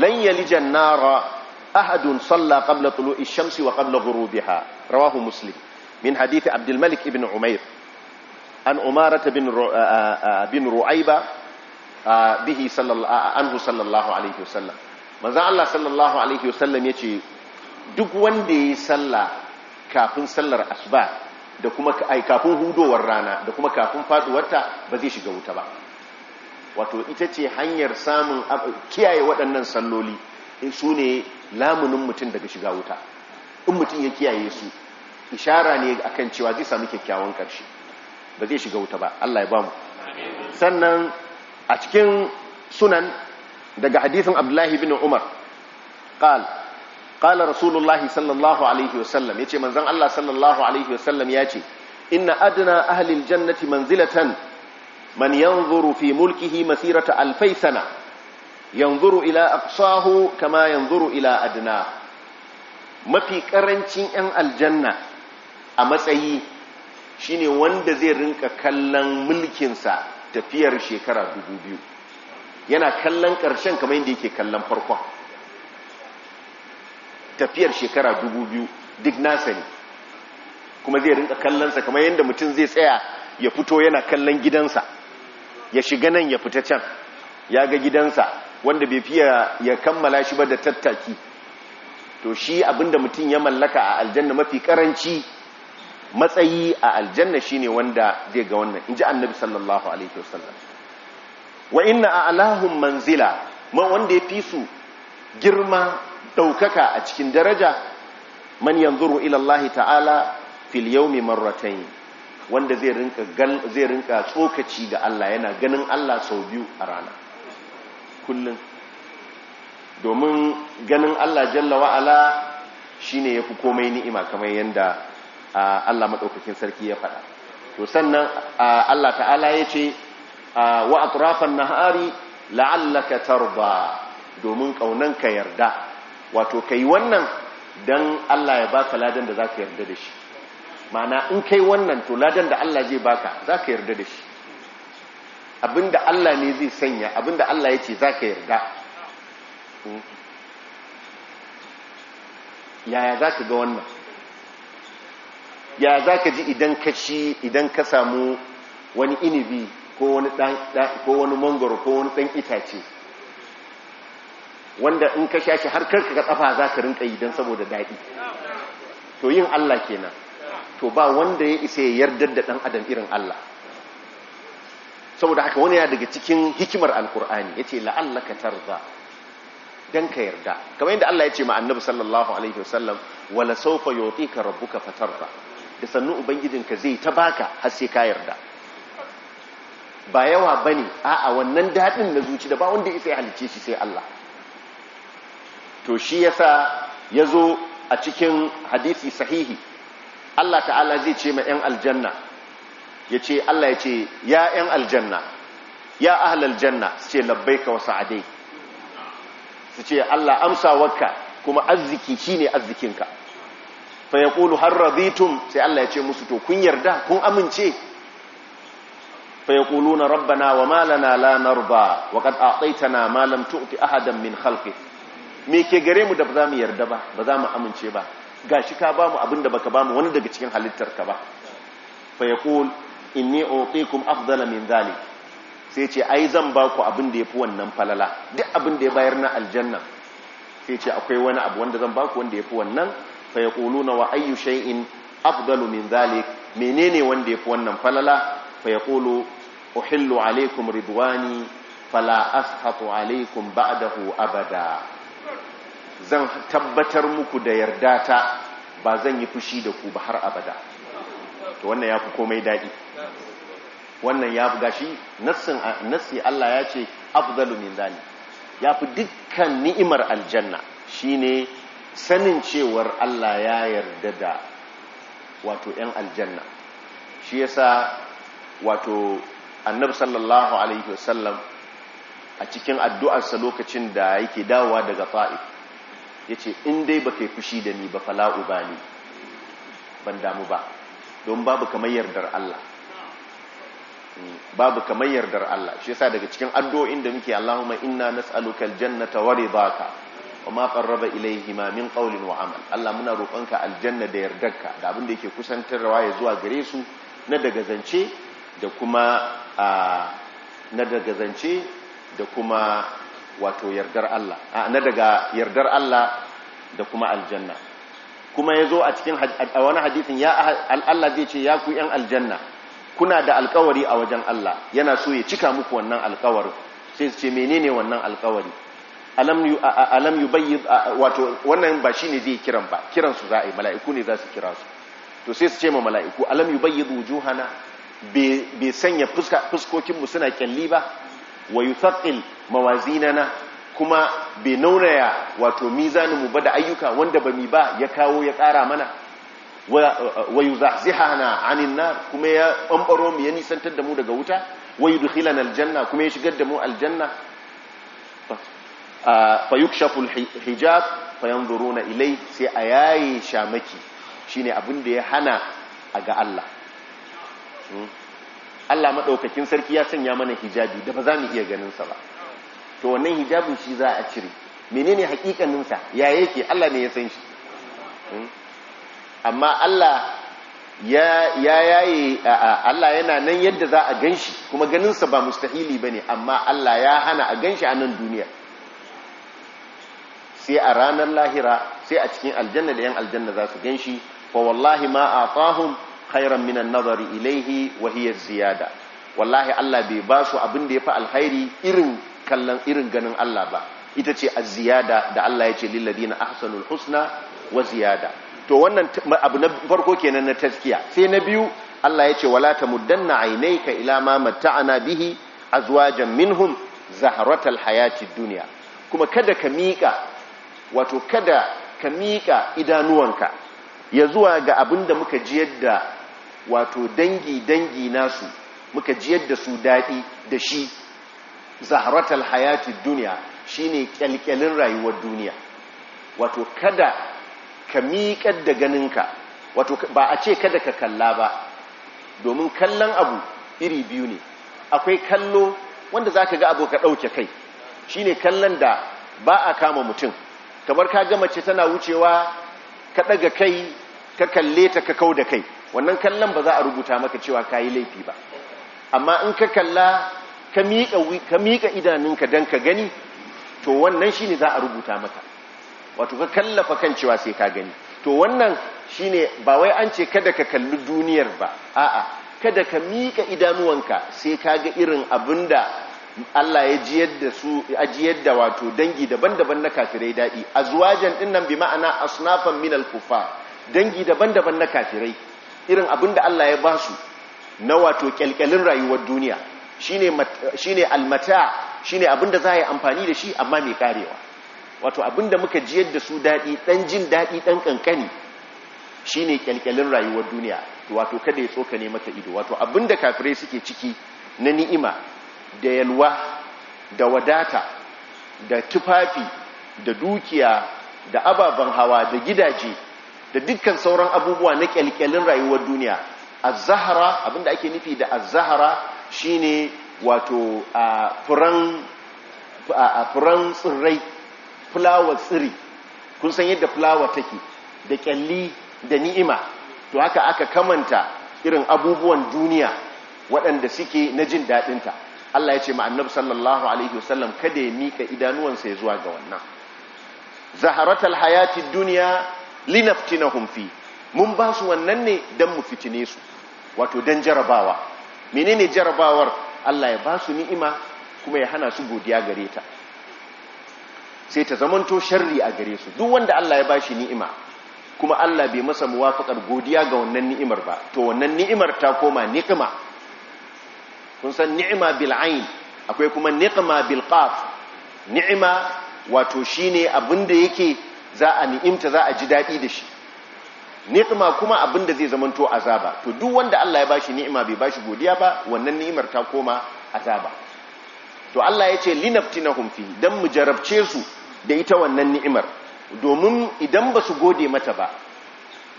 A: lan yalijan nara ahadun salla qabla tulu'i shamsi wa qabla ghurubiha rawahu muslim min hadithi abdul malik ibn umair an umarata bin uh, uh, uh, ruaiba bihi sallallahu anhu sallallahu alaihi wasallam manzan Allah sallallahu alaihi wasallam ya ce duk wanda ya yi salla kafin sallar asuba da kuma ai kafin hudowar rana da kuma kafin faduwarta ba zai shiga wuta ba wato ita ce hanyar samun kiyaye waɗannan salloli in eh, su ne lamunin mutum daga shiga wuta in mutum ya kiyaye su ishara ne akan cewa zai sami kyakkyawan ƙarshe ba zai shiga wuta ba Allah ya mu sannan a cikin sunan daga hadisin Abdullahi bin Umar qala qala rasulullahi sallallahu alaihi wasallam yace manzon Allah sallallahu alaihi wasallam yace inna adna ahli aljannati manzilatan man yanzuru fi mulkihi masirata alfay sana yanzuru ila aqsahu kama yanzuru ila adna mafi ƙarancin yan aljanna a matsayi shine wanda zai rinka kallon mulkinsa tafiyar shekara 2000 yana kallon ƙarshen kamar yadda yake kallon farkon tafiyar shekara dubu biyu duk nasa ne kuma zai rinka kallonsa kamar yadda mutum zai tsaya ya fito yana kallon gidansa ya shiga nan ya fita can ya ga gidansa wanda bai fiye ya kammala shi ba da tattaki to shi abinda mutum ya mallaka a aljanna mafi karanci matsayi a aljanna shine wanda zai ga wannan in ji annabi sallallahu alaihi wasallam wa inna a'lahum manzila ma wanda ya fi su girma ɗaukaka a cikin daraja man yanzuru ilallahi ta'ala fil yaumi marratayn wanda zai rinka zai rinka tsokaci ga Allah yana ganin Allah sau biyu a rana kullun domin ganin Allah jalla wa ala shine yafi komai ni'ima kamar yanda Allah madaukakin sarki ya faɗa to sannan Allah ta'ala yace wa atrafan nahari la'allaka tarda domin kaunanka yarda wato ka yi wannan don Allah ya baka ladan da za ka yarda da shi mana in yi wannan to ladan da Allah zai baka za ka yarda da shi abinda Allah ne zai sanya abinda Allah ya ce za ka yarda hmm. yaya za ka ga wannan yaya za ka ji idan ka ci idan ka samu wani inibi ko wani mangoro ko wani ɗan itace wanda in ka sha shi har karka ga tsafa za ka rinka yi don saboda daɗi to yin Allah kenan to ba wanda ya isa ya yardar da ɗan adam irin Allah saboda haka wani ya daga cikin hikimar alkur'ani ya ce la'allaka tarza don ka yarda kamar yadda Allah ya ce ma annabi sallallahu alaihi wasallam wala rabu ka fatar ba da sannu ka zai ta baka har sai ka yarda ba yawa ba ne a'a wannan daɗin na zuci da ba wanda ya isa ya halice shi sai Allah to shi yasa ya zo a cikin hadisi sahihi Allah ta'ala zai ce ma 'yan aljanna ya ce Allah ya ce ya 'yan aljanna ya ahlal janna su ce ka wasu adai. su ce Allah amsa wakka kuma arziki shi ne arzikinka fa ƙulu har raditum sai Allah ya ce musu to kun yarda kun amince fa rabba rabbana wa malana lanar ba wa qad na malam lam ahadan min khalqika me ke gare mu da ba za mu yarda ba ba za mu amince ba ga shi ka bamu abin da baka bamu wani daga cikin halittar ka ba fa ya yaqul inni utikum afdala min zalik sai ce ai zan ba ku abin da yafi wannan falala duk abin da ya bayar na aljanna sai ce akwai wani abu wanda zan ba ku wanda yafi wannan fa ya na wa ayyu shay'in afdalu min zalik menene wanda yafi wannan falala fa ya yaqulu uhillu alaykum ridwani fala ashatu alaykum ba'dahu abada zan tabbatar muku da yarda ta ba zan yi fushi da ku ba har abada to wannan ya fi komai daɗi wannan ya fi gashi nassi Allah ya ce afdalu min zani ya fi dukkan ni'imar aljanna shine sanin cewar Allah ya yarda da wato 'yan aljanna shi yasa wato annabi sallallahu alaihi wasallam a cikin addu'arsa lokacin da yake dawowa daga ta'if ya ce in dai ba kai fushi da ni ba fala'u ba ne ban damu ba don babu kamar yardar Allah babu kamar yardar Allah shi yasa daga cikin addu'o'in da muke Allahumma inna nas'aluka aljannata ta ware wa ma qarraba ilayhi ma min qawlin wa amal Allah muna roƙonka aljanna da ka da abin da yake kusantarwa ya zuwa gare su na zance da kuma na daga zance da kuma wato yardar Allah na daga yardar Allah da kuma aljanna kuma ya zo a cikin wani hadithin ya Allah zai ce ya ku yan aljanna kuna da alkawari a wajen Allah yana so ya cika muku wannan alkawarin sai su ce menene wannan alkawari alam yubayyi wato wannan ba shine zai kiran ba kiran su za mala'iku ne za su kira su to sai su ce ma mala'iku alam yubayyi wujuhana bai sanya fuskokinmu suna kyalli ba wa yuthaqqil mawazinana kuma bai naunaya wato mizaninmu ba da ayyuka wanda ba mi ba ya kawo ya ƙara mana wa na anin na kuma ya bambaro mu ya nisantar da mu daga wuta wa yudkhilana aljanna kuma ya shigar da mu aljanna fa yukshafu alhijab fayanzuruna ilai sai a yaye shamaki shine abin da ya hana a ga Allah hmm? Allah maɗaukakin sarki ya sanya mana hijabi da ba za mu iya ganinsa ba to wannan hijabin shi za a cire menene hakikaninsa ya yake Allah ne ya san shi hmm? amma Allah ya yaye Allah yana nan yadda za a ganshi kuma ganinsa ba mustahili ba ne amma Allah ya hana a ganshi a nan duniya sai a ranar lahira sai a cikin aljanna da yan aljanna za su ganshi fa wallahi ma a atahum khairan minan nazari ilaihi wa hiya ziyada wallahi Allah bai ba su abin da yafi alkhairi irin kallon irin ganin Allah ba ita ce az-ziyada da Allah ya ce lil ladina ahsanul husna wa ziyada to wannan abu na farko kenan na taskiya sai na biyu Allah ya ce wala tamuddanna aynayka ila ma matta'ana bihi azwajan minhum zahratal hayatid dunya kuma kada ka mika wato kada ka mika idanuwanka ya zuwa ga abin da muka jiyar da wato dangi-dangi nasu muka jiyar da su daɗi da shi zaharatar hayati duniya shine kyalkyalin rayuwar duniya wato kada ka miƙar da ganinka wato ba a ce kada ka kalla ba domin kallon abu iri biyu ne akwai kallo wanda za ka ga abu ka ɗauke kai shi ne kallon da ba a kama mutum kamar ka gama ce tana wucewa ka ɗaga kai ka kalle ta ka kau da kai wannan kallon ba za a rubuta maka cewa ka yi laifi ba amma in ka kalla ka miƙa idanunka don ka gani to wannan shi ne za a rubuta maka wato ka kallafa kan cewa sai ka gani to wannan shi ne ba wai an ce kada ka kalli duniyar ba a'a kada ka miƙa idanuwanka sai ka ga irin abin da Allah ya jiyar da su ajiyar da wato dangi daban-daban na kafirai daɗi azwajan ɗin nan bi ma'ana asnafan minal kufa dangi daban-daban na kafirai irin abin da Allah ya ba su na wato kyalkyalin rayuwar duniya shi ne almata shi ne abin da za a yi amfani da shi amma mai karewa wato abin da muka jiyar da su daɗi ɗan jin daɗi ɗan ƙanƙani shi ne kyalkyalin rayuwar duniya wato kada ya tsoka ne maka ido wato abin da kafirai suke ciki na ni'ima da yalwa da wadata da tufafi da dukiya da ababen hawa da gidaje da dukkan sauran abubuwa na kyalkyalin rayuwar duniya az-zahra abinda ake nufi da az-zahra shine wato furan furan tsirrai flower tsiri kun san yadda fulawa take da kyalli da ni'ima to haka aka kamanta irin abubuwan duniya waɗanda suke na jin daɗinta Allah ya ce ma'annab sallallahu alaihi wasallam kada ya mika idanuwansa ya zuwa ga wannan zaharatul hayati duniya linaftinahum humfi mun ba su wannan ne dan mu fitine su wato don jarabawa menene jarabawar Allah ya ba su ni'ima kuma ya hana su godiya gare ta sai ta zamanto sharri a gare su duk wanda Allah ya ba shi ni'ima kuma Allah bai masa muwafaqar godiya ga wannan ni'imar ba to wannan ni'imar ta koma ni'ima kun san ni'ima bil ayn akwai kuma ni'ima bil qaf ni'ima wato shine abinda yake za a ni'imta za a ji daɗi da shi ni'ima kuma abinda da zai zamanto azaba to duk wanda Allah ya bashi ni'ima bai bashi godiya ba wannan ni'imar ta koma azaba to Allah ya ce linaftinahum fi dan mu jarabce su da ita wannan ni'imar domin idan ba su gode mata ba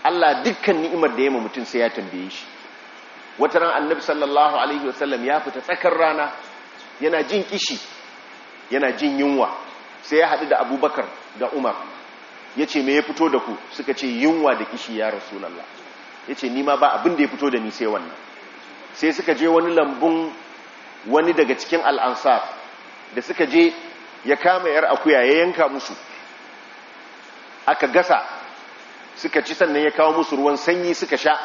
A: Allah dukkan ni'imar da ya ma mutum sai ya tambaye shi wata ran annabi sallallahu alaihi wasallam ya fita tsakar rana yana jin kishi yana jin yunwa sai ya hadu da abubakar da umar ya ce me ya fito da ku suka ce yunwa da kishi ya rasulallah ya ce nima ba abin da ya fito da ni sai wannan sai suka je wani lambun wani daga cikin al'ansar da suka je ya kama yar akuya ya yanka musu aka gasa suka ci sannan ya kawo musu ruwan sanyi suka sha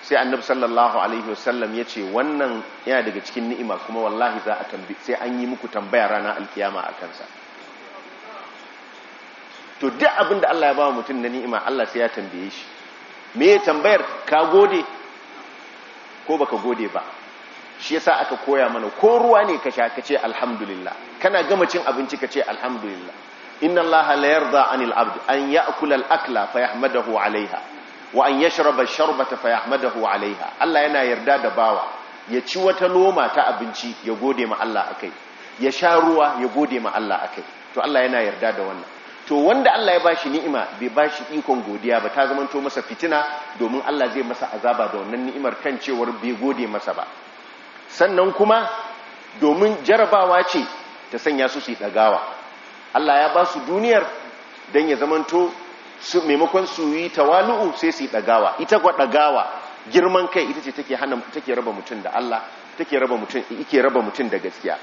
A: sai annabi sallallahu alaihi wasallam ya ce wannan yana daga cikin ni'ima kuma wallahi za a tambi sai an yi muku tambaya rana alkiyama a kansa to duk abin da Allah ya ba mutum na ni'ima Allah sai ya tambaye shi me ya tambayar ka gode ko baka gode ba shi yasa aka koya mana ko ruwa ne ka sha ka ce alhamdulillah kana gama cin abinci ka ce alhamdulillah inna allaha la yarda anil abd an ya'kula al akla fa yahmadahu alaiha wa an yashraba sharbata fa yahmadahu alaiha Allah yana yarda da bawa ya ci wata loma ta abinci ya gode ma Allah akai ya sha ruwa ya gode ma Allah akai to Allah yana yarda da wannan to wanda Allah ya bashi ni'ima bai bashi ikon godiya ba ta zamanto masa fitina domin Allah zai masa azaba da wannan ni'imar kan cewar bai gode masa ba sannan kuma domin jarabawa ce ta sanya su su dagawa Allah ya ba su duniyar don ya zamanto su maimakon su yi tawalu'u sai su dagawa ita kwa dagawa girman kai ita ce take hana raba mutum da Allah take raba mutum da gaskiya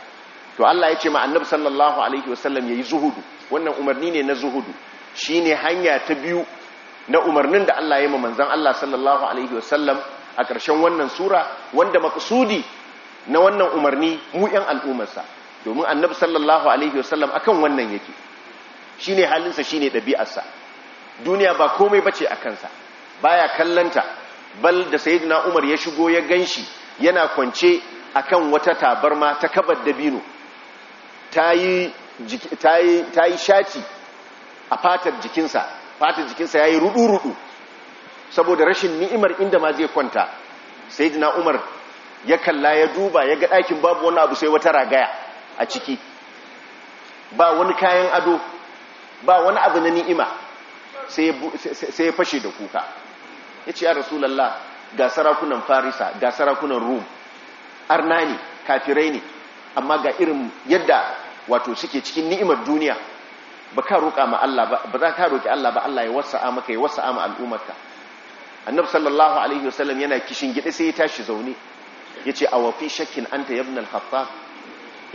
A: to Allah ya ce ma annabi sallallahu alaihi wasallam yayi zuhudu wannan umarni ne na zuhudu shine hanya ta biyu na umarnin da Allah ya ma manzon Allah sallallahu alaihi wasallam a ƙarshen wannan sura wanda maksudi na wannan umarni mu yan al'ummarsa domin annabi sallallahu alaihi wasallam akan wannan yake shine halinsa shine ɗabi'arsa duniya ba komai bace a kansa baya kallanta bal da sayyidina Umar ya shigo ya ganshi yana kwance akan wata tabarma ta kabar dabino ta yi shaci a fatar jikinsa fatar jikinsa ya yi rudu-rudu saboda rashin ni'imar inda ma zai kwanta sai dina umar ya kalla ya duba ya ga ɗakin babu wani abu sai wata ragaya a ciki ba wani kayan ado ba wani abu na ni'ima sai ya fashe da kuka ya ce ya rasulallah ga sarakunan farisa ga sarakunan rum arna ne kafirai ne amma ga irin yadda wato suke cikin ni'imar duniya ba ka roƙa ma Allah ba ba za ka roƙi Allah ba Allah ya wasa'a maka ya wasa'a ma al'ummarka annabi sallallahu alaihi wasallam yana kishin gida sai ya tashi zaune Ya ce a wafi shakkin anta ya ibn al-khattab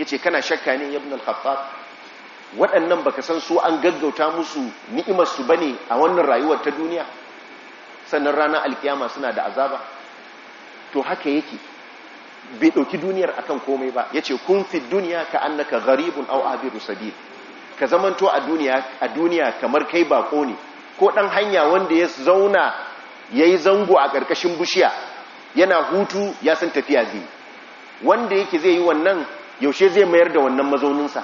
A: ce kana shakka ne ya ibn al-khattab waɗannan baka san su an gaggauta musu ni'imarsu su bane a wannan rayuwar ta duniya sannan ranar alkiyama suna da azaba to haka yake bai ɗauki duniyar akan komai ba ya ce kun fi duniya ka annaka gharibun au abiru sabil ka zamanto a duniya a duniya kamar kai bako ne ko ɗan hanya wanda ya zauna ya yi zango a ƙarƙashin bushiya yana hutu ya san tafiya zai wanda yake zai yi wannan yaushe zai mayar da wannan mazauninsa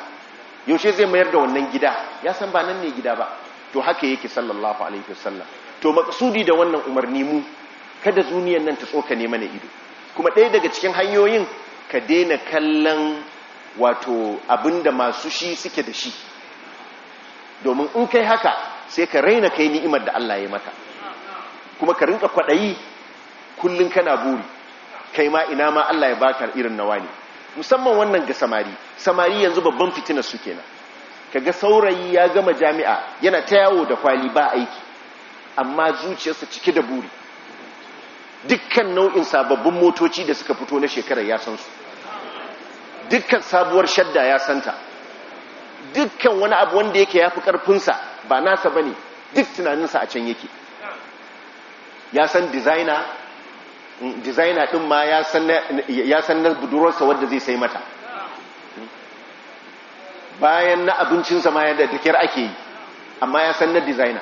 A: yaushe zai mayar da wannan gida ya san ba nan ne gida ba to haka yake sallallahu alaihi wasallam to maqsudi da wannan umarni mu kada zuniyar nan ta tsoka ne mana ido kuma ɗaya daga cikin hanyoyin ka daina kallon wato abinda masu shi suke da shi domin in kai haka sai ka raina kai ni'imar da Allah ya maka kuma ka rinka kwaɗayi kullum kana buri kai ma ina ma Allah ya baka irin nawa ne musamman wannan ga samari samari yanzu babban fitinar su kenan ga saurayi ya gama jami'a yana ta yawo da kwali ba aiki amma zuciyarsa cike da buri dukkan nau'in sababbin motoci da suka fito na shekarar ya san su dukkan sabuwar shadda ya santa dukkan wani abu wanda yake ya fi ƙarfinsa ba nasa ba ne duk tunaninsa a can yake ya san dizaina mm, din ma ya san na budurarsa wadda zai sai mata bayan na abincinsa ma yadda da ake yi amma ya san na dizaina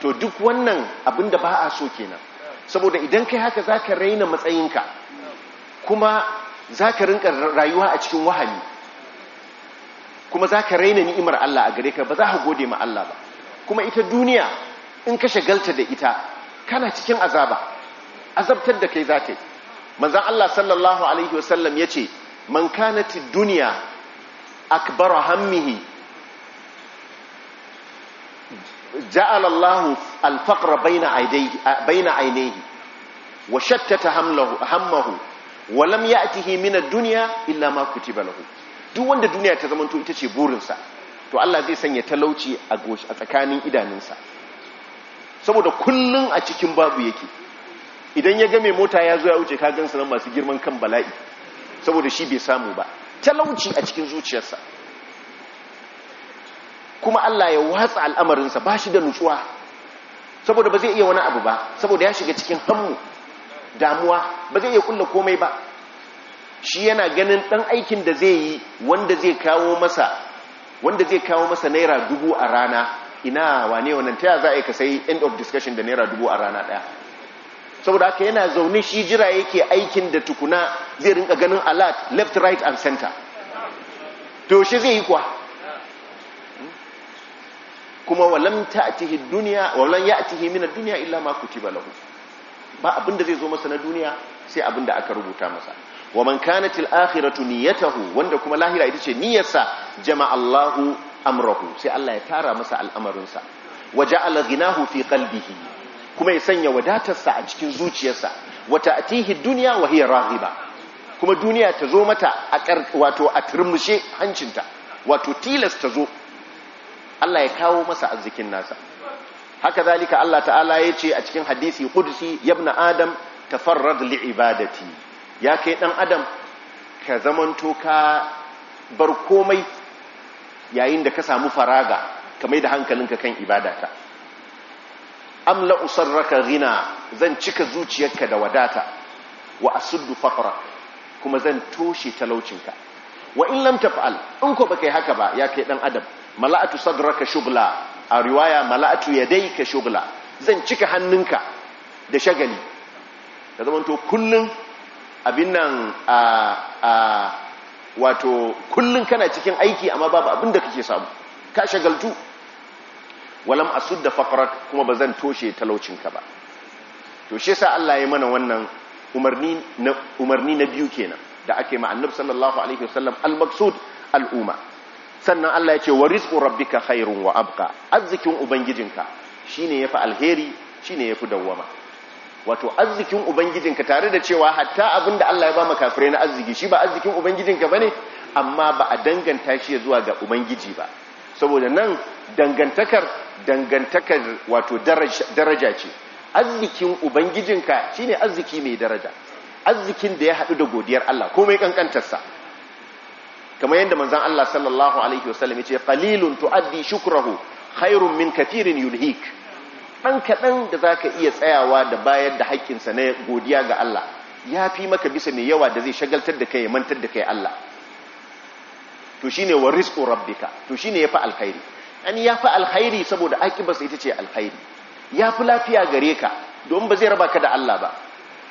A: to duk wannan abinda ba a so kenan saboda idan kai haka za ka raina matsayinka kuma za ka rinka rayuwa a cikin wahali kuma za ka raina ni'imar Allah a gare ka ba za ka gode ma Allah ba kuma ita duniya in ka galta da ita kana cikin azaba azabtar da kai za ta yi manzan Allah sallallahu alaihi wasallam ya ce man kanati duniya akbar hammihi ja'alallahu alfaqra baina ainihi wa shattata hammahu wa lam ya'tihi min ad-dunya illa ma kutiba lahu duk wanda duniya ta zamanto ita ce burinsa to Allah zai sanya talauci a goshi a tsakanin idanunsa saboda kullun a cikin babu yake idan ya ga mai mota ya zo ya wuce ka gansa nan masu girman kan bala'i saboda shi bai samu ba talauci a cikin zuciyarsa kuma Allah ya watsa al'amarinsa ba shi da nutsuwa saboda ba zai iya wani abu ba saboda ya shiga cikin hannu damuwa ba zai iya kulla komai ba shi yana ganin ɗan aikin da zai yi wanda zai kawo masa wanda zai kawo masa naira dubu a rana ina wane wannan ta za a yi ka sai end of discussion da naira dubu a rana ɗaya saboda haka yana zaune shi jira yake aikin da tukuna zai rinka ganin alert left right and center to shi zai yi kuwa kuma walam atihi dunya walam ya'tihi atihi ad duniya illa ma kutiba lahu ba abinda zai zo masa na duniya sai abinda aka rubuta masa wa man kanat al-akhiratu niyyatahu wanda kuma lahira ita ce niyyarsa jama'allahu Allahu amrahu sai Allah ya tara masa al'amarin sa waja'ala ghinahu fi qalbihi kuma ya sanya wadatarsa a cikin zuciyarsa wata ta'tihi ad wa hiya raghiba kuma duniya ta zo mata a wato a turmushe hancinta wato tilas ta zo Allah ya kawo masa arzikin nasa haka zalika Allah ta'ala ya ce a cikin hadisi qudsi yabna adam tafarrag li ibadati ya kai dan adam ka zamanto ka bar komai yayin da ka samu faraga ka mai da hankalinka kan ibadata amla usarraka ghina zan cika zuciyarka da wadata wa asuddu faqra kuma zan toshe talaucinka wa in lam taf'al in ko baka haka ba ya kai dan adam mala'atu sadraka shugla a riwaya mala'atu yadayka shugla zan cika hannunka da shagali ka zamanto kullun abin nan a a wato kullun kana cikin aiki amma babu abin da kake samu ka shagaltu walam asudda faqrak kuma bazan toshe talaucinka ba to shi yasa Allah ya mana wannan umarni na umarni na biyu kenan da ake ma annabi sallallahu alaihi wasallam al-maqsud al-umma sannan Allah ya ce wa rizqu rabbika khairun wa abqa arzikin ubangijinka shine yafi alheri shine yafi dawwama wato arzikin ubangijinka tare da cewa hatta abinda Allah ya ba maka na arziki shi ba arzikin ubangijinka bane amma ba a danganta shi zuwa ga ubangiji ba saboda nan dangantakar dangantakar wato daraja ce arzikin ubangijinka shine arziki mai daraja arzikin da ya haɗu da godiyar Allah komai ƙanƙantarsa. kamar yadda manzan Allah sallallahu alaihi wasallam ce falilun tuaddi shukrahu khairun min katirin yulhik ɗan kaɗan da za ka iya tsayawa da bayar da haƙƙinsa na godiya ga Allah ya fi maka bisa mai yawa da zai shagaltar da kai ya mantar da kai Allah to shine wa risko rabbika to shine fi alkhairi an yafi alkhairi saboda akibarsa ita ce alkhairi fi lafiya gare ka domin ba zai raba ka da Allah ba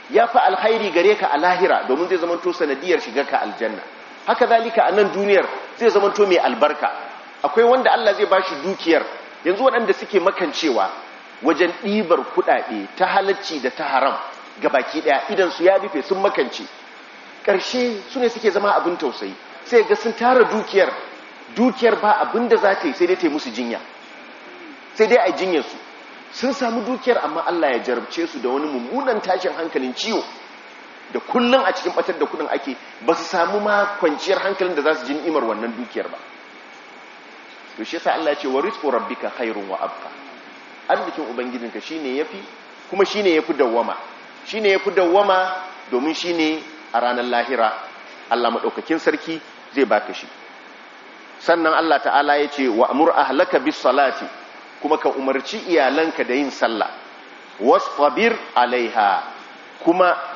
A: ya fi alkhairi gare ka a lahira domin zai zama to sanadiyar shiga ka aljanna haka zalika a nan duniyar zai zamanto mai albarka akwai wanda Allah zai bashi dukiyar yanzu waɗanda suke makancewa wajen ɗibar kuɗaɗe ta halacci da ta haram ga baki ɗaya idan su ya rufe sun makance ƙarshe su ne suke zama abin tausayi sai ga sun tara dukiyar dukiyar ba abin da za ta yi sai dai ta yi musu jinya sai dai a jinyarsu sun samu dukiyar amma Allah ya jarabce su da wani mummunan tashin hankalin ciwo da kullum a cikin batar da kudin ake ba su samu ma kwanciyar hankalin da za su ji ni'imar wannan dukiyar ba to shi yasa Allah ya ce wa rizqu rabbika khairun wa abqa arzikin ubangijinka shine yafi kuma shine yafi dawwama shine yafi dawwama domin shine a ranar lahira Allah madaukakin sarki zai baka shi sannan Allah ta'ala ya ce wa amur ahlaka bis salati kuma ka umarci iyalanka da yin sallah wasfabir alaiha kuma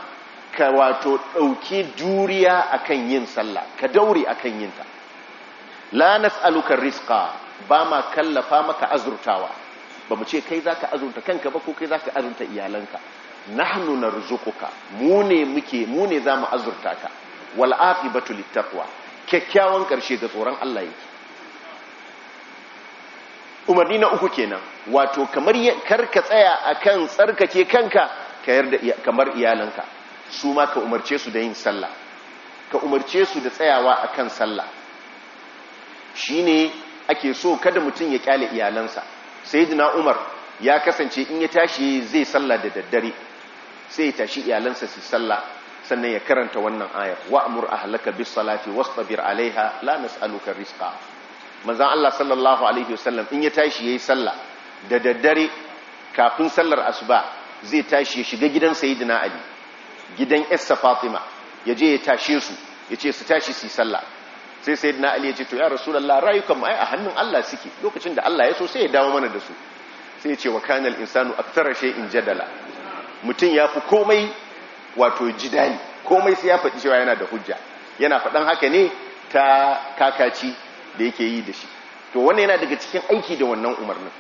A: ka wato ɗauki duriya akan yin sallah ka daure akan yinta Lanas nas'aluka rizqa ba ma kallafa maka azurtawa ba mu ce kai zaka azurta kanka ba ko kai zaka azurta iyalanka nahnu narzuquka mu ne muke mu ne zamu azurta ka Wal'afi aqibatu littaqwa kyakkyawan ƙarshe ga tsoron Allah yake umarni na uku kenan wato kamar karka tsaya akan tsarkake kanka kayar da kamar iyalanka su ma ka umarce su da yin sallah ka umarce su da tsayawa akan sallah ne ake so kada mutum ya kyale iyalansa sayyidina umar ya kasance in ya tashi zai sallah da daddare sai ya tashi iyalansa su sallah sannan ya karanta wannan ayar wa'mur ahlaka bis salati wastabir alaiha la nas'aluka rizqa manzon Allah sallallahu alaihi wasallam in ya tashi yayi sallah da daddare kafin sallar asuba zai tashi ya shiga gidan sayyidina ali gidan Issa Fatima ya je ya tashe su ya ce su tashi su yi sallah sai sayyidina Ali ya ce to ya Rasulallah rayukan ai a hannun Allah suke lokacin da Allah ya so sai ya dawo mana da su sai ya ce wa kana al-insanu akthara in jadala mutum ya fi komai wato jidali komai sai ya faɗi cewa yana da hujja yana faɗan haka ne ta kakaci da yake yi da shi to wannan yana daga cikin aiki da wannan umarnin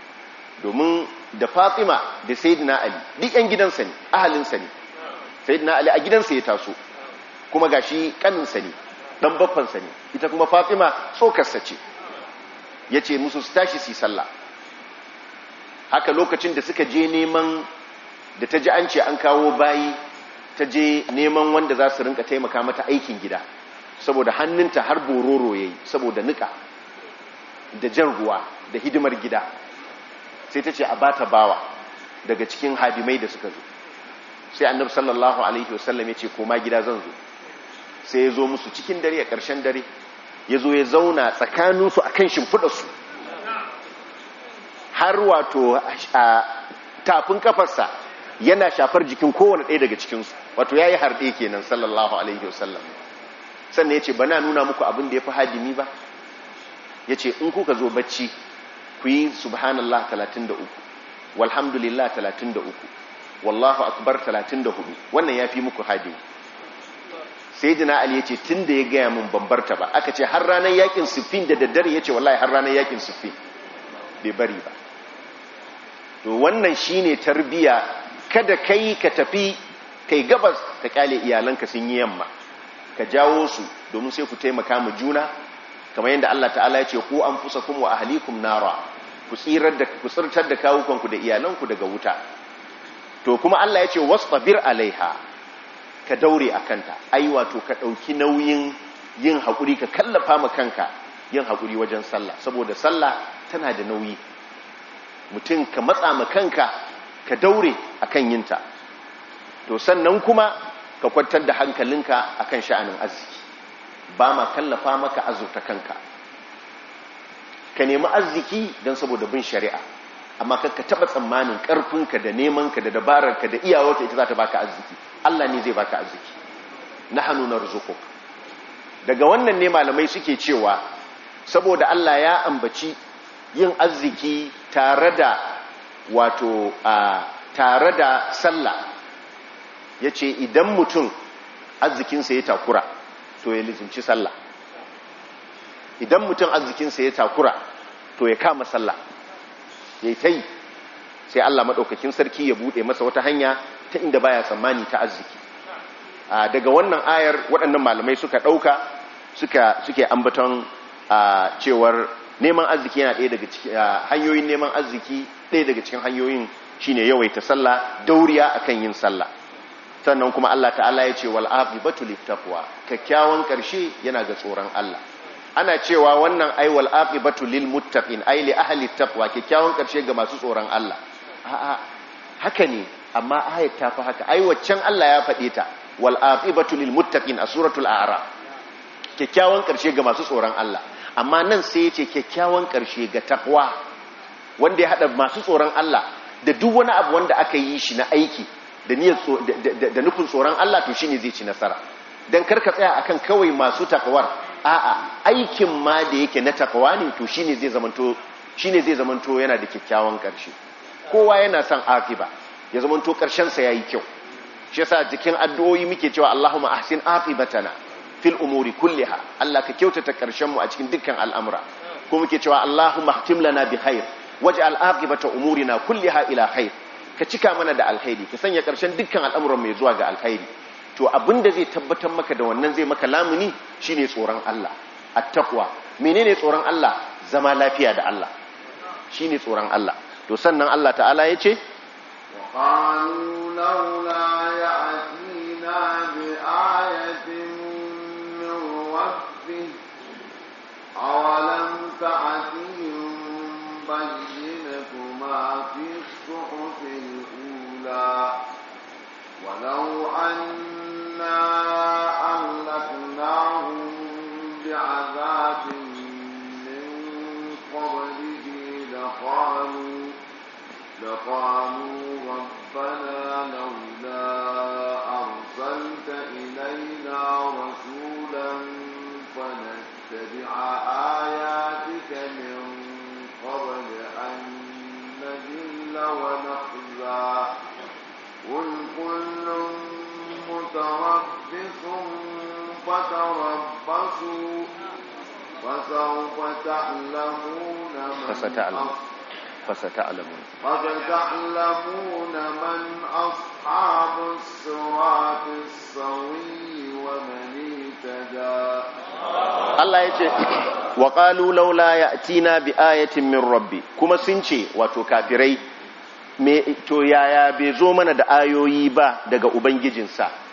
A: domin da fatima da sayyidina ali duk yan gidansa ne ahalinsa ne na ali a gidansa ya taso kuma gashi kaninsa ne dan baffansa ne ita kuma fatima tsokarsa ce yace musu su tashi su sallah haka lokacin da suka je neman da ta ji an ce an kawo bayi ta je neman wanda za su rinka taimaka mata aikin gida saboda hannunta har bororo yayi saboda nika da jan ruwa da hidimar gida sai ta ce a bata bawa daga cikin hadimai da suka zo sai annabi sallallahu alaihi wasallam ya ce koma gida zan zo sai ya zo musu cikin dare a ƙarshen dare ya zo ya zauna tsakaninsu a kan shimfiɗarsu har wato a tafin kafarsa yana shafar jikin kowane ɗaya daga cikinsu wato ya yi harɗe kenan sallallahu alaihi wasallam sannan ya ce ba na nuna muku abin da ya fi hadimi ba ya ce in kuka zo bacci ku yi subhanallah 33 walhamdulillah 33 wallahu akbar 34 wannan ya fi muku hadin sai jina ali ya ce tun da ya gaya mun bambarta ba aka ce har ranar yakin siffin da daddare ya ce wallahi har ranar yakin sufin bai bari ba to wannan shi ne tarbiya kada kai ka tafi kai gabas ka kyale iyalanka sun yi yamma ka jawo su domin sai ku taimaka mu juna kamar yadda Allah ta'ala ya ce ku anfusakum wa ahlikum nara ku tsirar da ku tsirtar da kawukanku da iyalanku daga wuta to kuma Allah ya ce wasbir alaiha ka daure akanta ai wato ka ɗauki nauyin yin haƙuri ka kallafa ma kanka yin haƙuri wajen sallah saboda sallah tana da nauyi mutum ka matsa ma kanka ka daure akan yinta to sannan kuma ka kwantar da hankalinka akan sha'anin arziki ba ma kallafa maka azurta kanka ka nemi arziki don saboda bin shari'a amma ka taba tsammanin karfinka da nemanka da dabararka da iyawarka ita za ta baka arziki Allah ne zai baka arziki na hannu na narzuquk daga wannan ne malamai suke cewa saboda Allah ya ambaci yin arziki tare da wato a tare da sallah ya ce idan mutum arzikinsa ya takura to ya lizinci sallah idan mutum arzikinsa ya takura to ya kama sallah ya kai sai Allah maɗaukakin sarki ya buɗe masa wata hanya ta inda baya tsammani ta arziki daga wannan ayar waɗannan malamai suka ɗauka suka suke ambaton cewar neman arziki yana ɗaya daga cikin hanyoyin neman arziki ɗaya daga cikin hanyoyin shine yawaita sallah dauriya akan yin sallah sannan kuma Allah ta'ala ya ce wal afibatu littaqwa kyakkyawan ƙarshe yana ga tsoron Allah ana cewa wannan aiwal aqibatu lil muttaqin ai li ahli taqwa karshe ga masu tsoron Allah a'a haka ne amma ayat ta fa haka ai waccan Allah ya fade ta wal aqibatu lil muttaqin a suratul a'raf kikkiawan karshe ga masu tsoron Allah amma nan sai yace kikkiawan karshe ga taqwa wanda ya hada masu tsoron Allah da duk wani abu wanda aka yi shi na aiki da niyyar da nufin tsoron Allah to shine zai ci nasara dan karka tsaya akan kawai masu takwar a'a aikin ma da yake na takawa ne to shine zai zamanto zai zamanto yana da kyakkyawan karshe kowa yana son afiba ya zamanto karshen sa yayi kyau shi yasa jikin addu'o'i muke cewa Allahumma ahsin na fil umuri kulliha Allah ka kyautata karshen mu a cikin dukkan al'amura ko muke cewa Allahumma ahtim lana bi khair waj'al aqibata umurina kulliha ila khair ka cika mana da alkhairi ka sanya karshen dukkan al'amuran mai zuwa ga alkhairi to abinda zai tabbatar maka da wannan zai maka lamuni shine tsoron Allah attaqwa menene tsoron Allah zama lafiya da Allah shine tsoron Allah to sannan Allah ta'ala yace wa qalu
B: laula ya'tina bi ayatin min rabbih awalam ta'tihim bayyinatu ma fi as ula ولو أنا أهلكناهم بعذاب من قبله لقالوا لقالوا ربنا لولا أرسلت إلينا رسولا فنتبع آياتك من قبل أن قل قل متربص فتربصوا فسوف تعلمون من فستعلمون
A: فستعلمون
B: من أصحاب الصراط السوي ومن اهتدى
A: Allah ya ce wa ƙalu laula ya tina bi ayatin min rabbi kuma sun ce wato kafirai to yaya bai zo mana da ayoyi ba daga ubangijinsa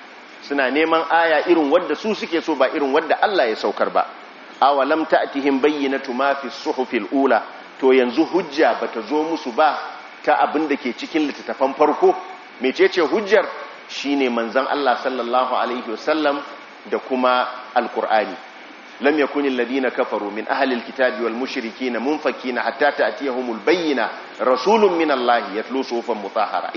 A: suna neman aya irin wadda su suke so ba irin wadda Allah ya saukar ba awalam ta'tihim bayyinatu ma fi suhufil ula to yanzu hujja bata zo musu ba ta abin da ke cikin littattafan farko mecece hujjar shine manzon Allah sallallahu alaihi wasallam da kuma alqur'ani لم يكن الذين كفروا من أهل الكتاب والمشركين منفكين حتى تأتيهم البينة رسول من الله يتلو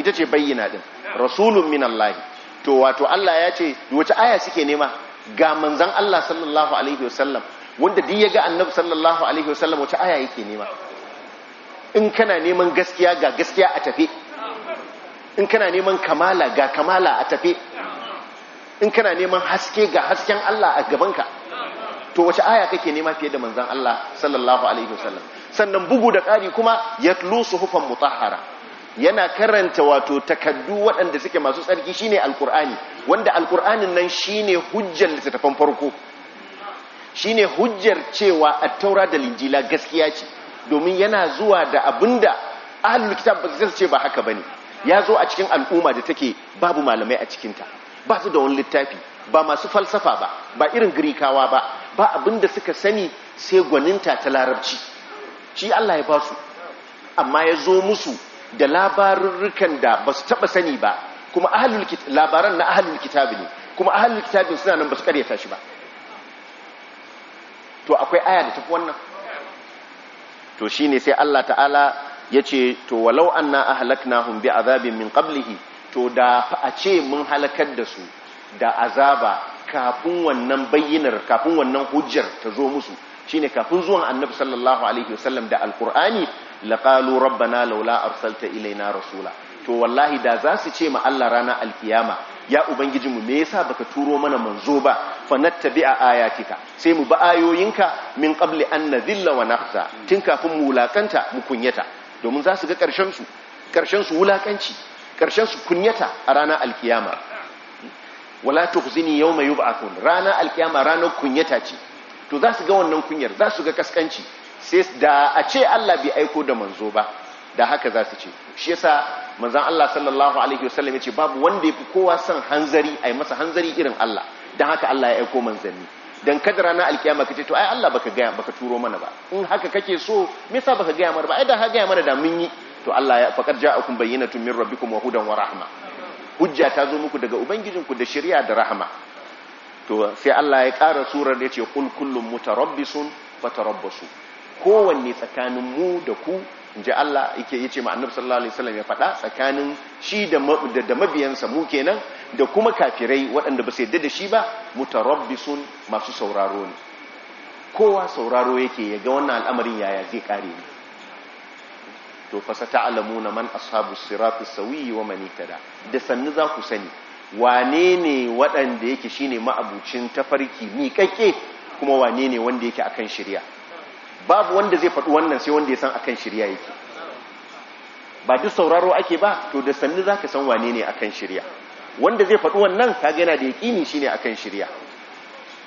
A: ita ce bayyina din rasulun من الله to wato Allah ya ce wace aya suke nema ga manzan Allah sallallahu alaihi wasallam wanda duk ya ga annabi sallallahu alaihi wasallam wace aya yake nema in kana neman gaskiya ga gaskiya a tafe in kana neman kamala ga kamala a tafe in kana neman haske ga hasken Allah a gabanka to wace aya kake nema fiye da manzan Allah sallallahu alaihi wasallam sannan bugu da ƙari kuma yatlu suhufan mutahhara yana karanta wato takaddu waɗanda suke masu tsarki shine alkur'ani wanda alkur'anin nan shine hujjar littattafan farko shine hujjar cewa attaura da linjila gaskiya ce domin yana zuwa da abinda ahlul likita ba zai ce ba haka ba ne ya zo a cikin al'umma da take babu malamai a cikinta ba su da wani littafi ba masu falsafa ba ba irin girikawa ba ba abinda suka sani sai gwaninta ta larabci shi Allah ya ba su amma ya zo musu da labarurrukan da ba su taɓa sani ba kuma labaran na ahalul kitabi ne kuma ahalul kitabi suna nan ba su karyata shi ba to akwai aya da tafi wannan to shi ne sai Allah ta'ala ya ce to walau an na ahalaknahun bi azabin min qablihi to da a ce mun halakar da su da azaba kafin wannan bayyanar kafin wannan hujjar ta zo musu shine kafin zuwan annabi sallallahu alaihi wasallam da alkur'ani laqalu rabbana laula arsalta ilaina rasula to wallahi da za su ce ma Allah rana alkiyama ya ubangiji mu me yasa baka turo mana manzo ba fa nattabi'a ayatika sai mu ba ayoyinka min qabli an nadhilla wa tun kafin mu wulakanta mu kunyata domin za su ga karshen su karshen su wulakanci karshen su kunyata a rana alkiyama wala tukhzini yawma yub'athun Rana alkiyama ranar kunyata ce to za su ga wannan kunyar za su ga kaskanci sai da a ce Allah bai aiko da manzo ba da haka za su ce shi yasa manzon Allah sallallahu alaihi wasallam ya ce babu wanda yafi kowa son hanzari ai masa hanzari irin Allah dan haka Allah ya aiko manzanni dan kada ranar alkiyama kace to ai Allah baka gaya baka turo mana ba in haka kake so me yasa baka gaya mana ba ai da haka gaya mana da mun yi to Allah ya faqad ja'akum bayyinatun min rabbikum wa hudan wa rahma hujja ta zo muku daga ubangijinku da shari'a da rahama to sai Allah ya ƙara surar da yace kul kullum mutarabbisun fatarabbasu kowanne tsakanin mu da ku in ji Allah yake yace ma annabi sallallahu alaihi wasallam ya faɗa tsakanin shi da da mabiyansa mu kenan da kuma kafirai waɗanda ba su yadda da shi ba mutarabbisun masu sauraro ne kowa sauraro yake ya ga wannan al'amarin yaya zai kare ni to fa sata'lamuna man ashabu sirati sawi wa man itada da sannu za ku sani wane ne waɗanda yake shine ma'abucin tafarki miƙaƙe kuma wane ne wanda yake akan shirya babu wanda zai faɗi wannan sai wanda ya san akan shirya yake ba duk sauraro ake ba to da sannu za ka san wane ne akan shirya wanda zai faɗi wannan kaga yana da yaƙini shi ne akan shirya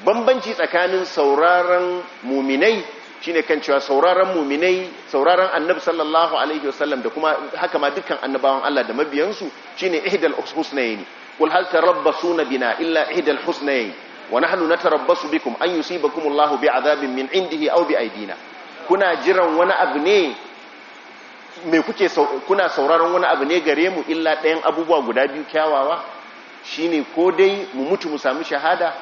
A: bambanci tsakanin sauraron muminai shi ne kan cewa sauraron muminai sauraron annabi sallallahu alaihi wasallam da kuma haka ma dukkan annabawan Allah da mabiyansu shi ne ihdal husnayn qul hal tarabbasuna bina illa ihdal husnayn wa nahnu natarabbasu bikum an yusibakum Allahu bi'adabin min indihi aw bi dina. kuna jiran wani abu ne me kuke kuna sauraron wani abu ne gare mu illa ɗayan abubuwa guda biyu kyawawa Shi ne ko dai mu mutu mu samu shahada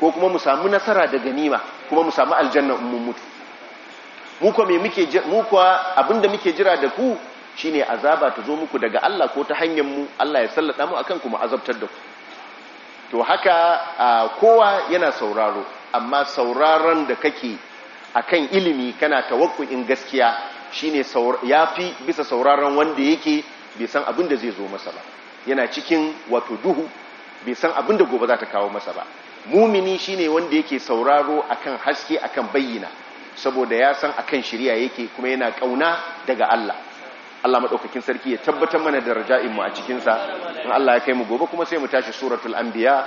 A: ko kuma mu samu nasara da ganima kuma mu samu aljanna in mutu mu kuwa muke abinda muke jira da ku shi ne azaba ta zo muku daga Allah ko ta hanyar mu Allah ya sallata mu akan kuma azabtar da ku to haka kowa yana sauraro amma sauraron da kake akan ilimi kana tawakkulin gaskiya shine yafi bisa sauraron wanda yake bai san abin da zai zo masa ba yana cikin wato duhu bai san abin da gobe za ta kawo masa ba mumini shine wanda yake sauraro akan haske akan bayyana saboda ya san akan shirya yake kuma yana kauna daga Allah Allah maɗaukakin sarki ya tabbatar mana da raja'in mu a cikin sa in Allah ya kai mu gobe kuma sai mu tashi suratul anbiya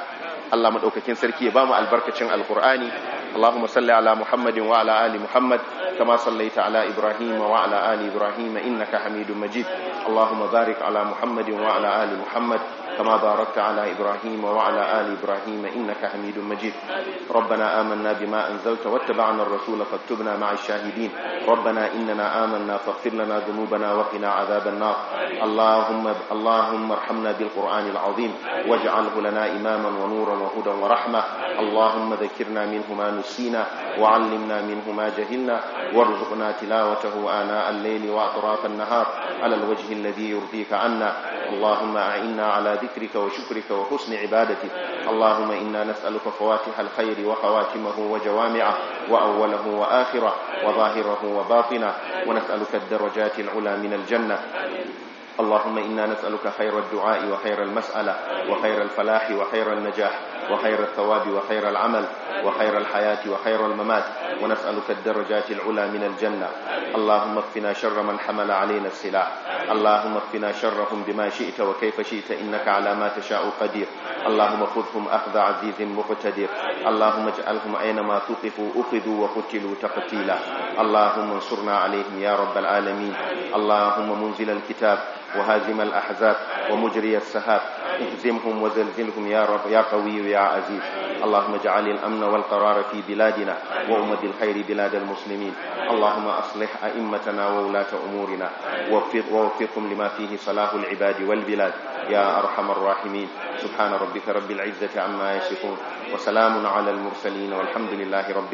A: Allah maɗaukakin sarki ya bamu albarkacin alkur'ani Allahumma salli ala Muhammadin wa ala ali Muhammad kama sallaita ala Ibrahim wa ala ali Ibrahim innaka Hamidum Majid Allahumma barik ala Muhammadin wa ala ali Muhammad كما باركت على إبراهيم وعلى آل إبراهيم إنك حميد مجيد ربنا آمنا بما أنزلت واتبعنا الرسول فاكتبنا مع الشاهدين ربنا إننا آمنا فاغفر لنا ذنوبنا وقنا عذاب النار اللهم اللهم ارحمنا بالقرآن العظيم واجعله لنا إماما ونورا وهدى ورحمة اللهم ذكرنا منه ما نسينا وعلمنا منه ما جهلنا وارزقنا تلاوته آناء الليل وأطراف النهار على الوجه الذي يرضيك عنا اللهم أعنا على ذكر ذكرك وشكرك وحسن عبادتك اللهم إنا نسألك فواتح الخير وخواتمه وجوامعه وأوله وآخره وظاهره وباطنه ونسألك الدرجات العلى من الجنة اللهم إنا نسألك خير الدعاء وخير المسألة وخير الفلاح وخير النجاح وخير الثواب وخير العمل وخير الحياة وخير الممات ونسألك الدرجات العلى من الجنة اللهم اكفنا شر من حمل علينا السلاح اللهم اكفنا شرهم بما شئت وكيف شئت إنك على ما تشاء قدير اللهم خذهم أخذ عزيز مقتدر اللهم اجعلهم أينما تقفوا أخذوا وقتلوا تقتيلا اللهم انصرنا عليهم يا رب العالمين اللهم منزل الكتاب وهازم الأحزاب ومجري السحاب اهزمهم وزلزلهم يا رب يا قوي يا عزيز اللهم اجعل الأمن والقرار في بلادنا وأمة الخير بلاد المسلمين اللهم أصلح أئمتنا وولاة أمورنا ووفق ووفقهم لما فيه صلاح العباد والبلاد يا أرحم الراحمين سبحان ربك رب العزة عما يصفون وسلام على المرسلين والحمد لله رب
C: العالمين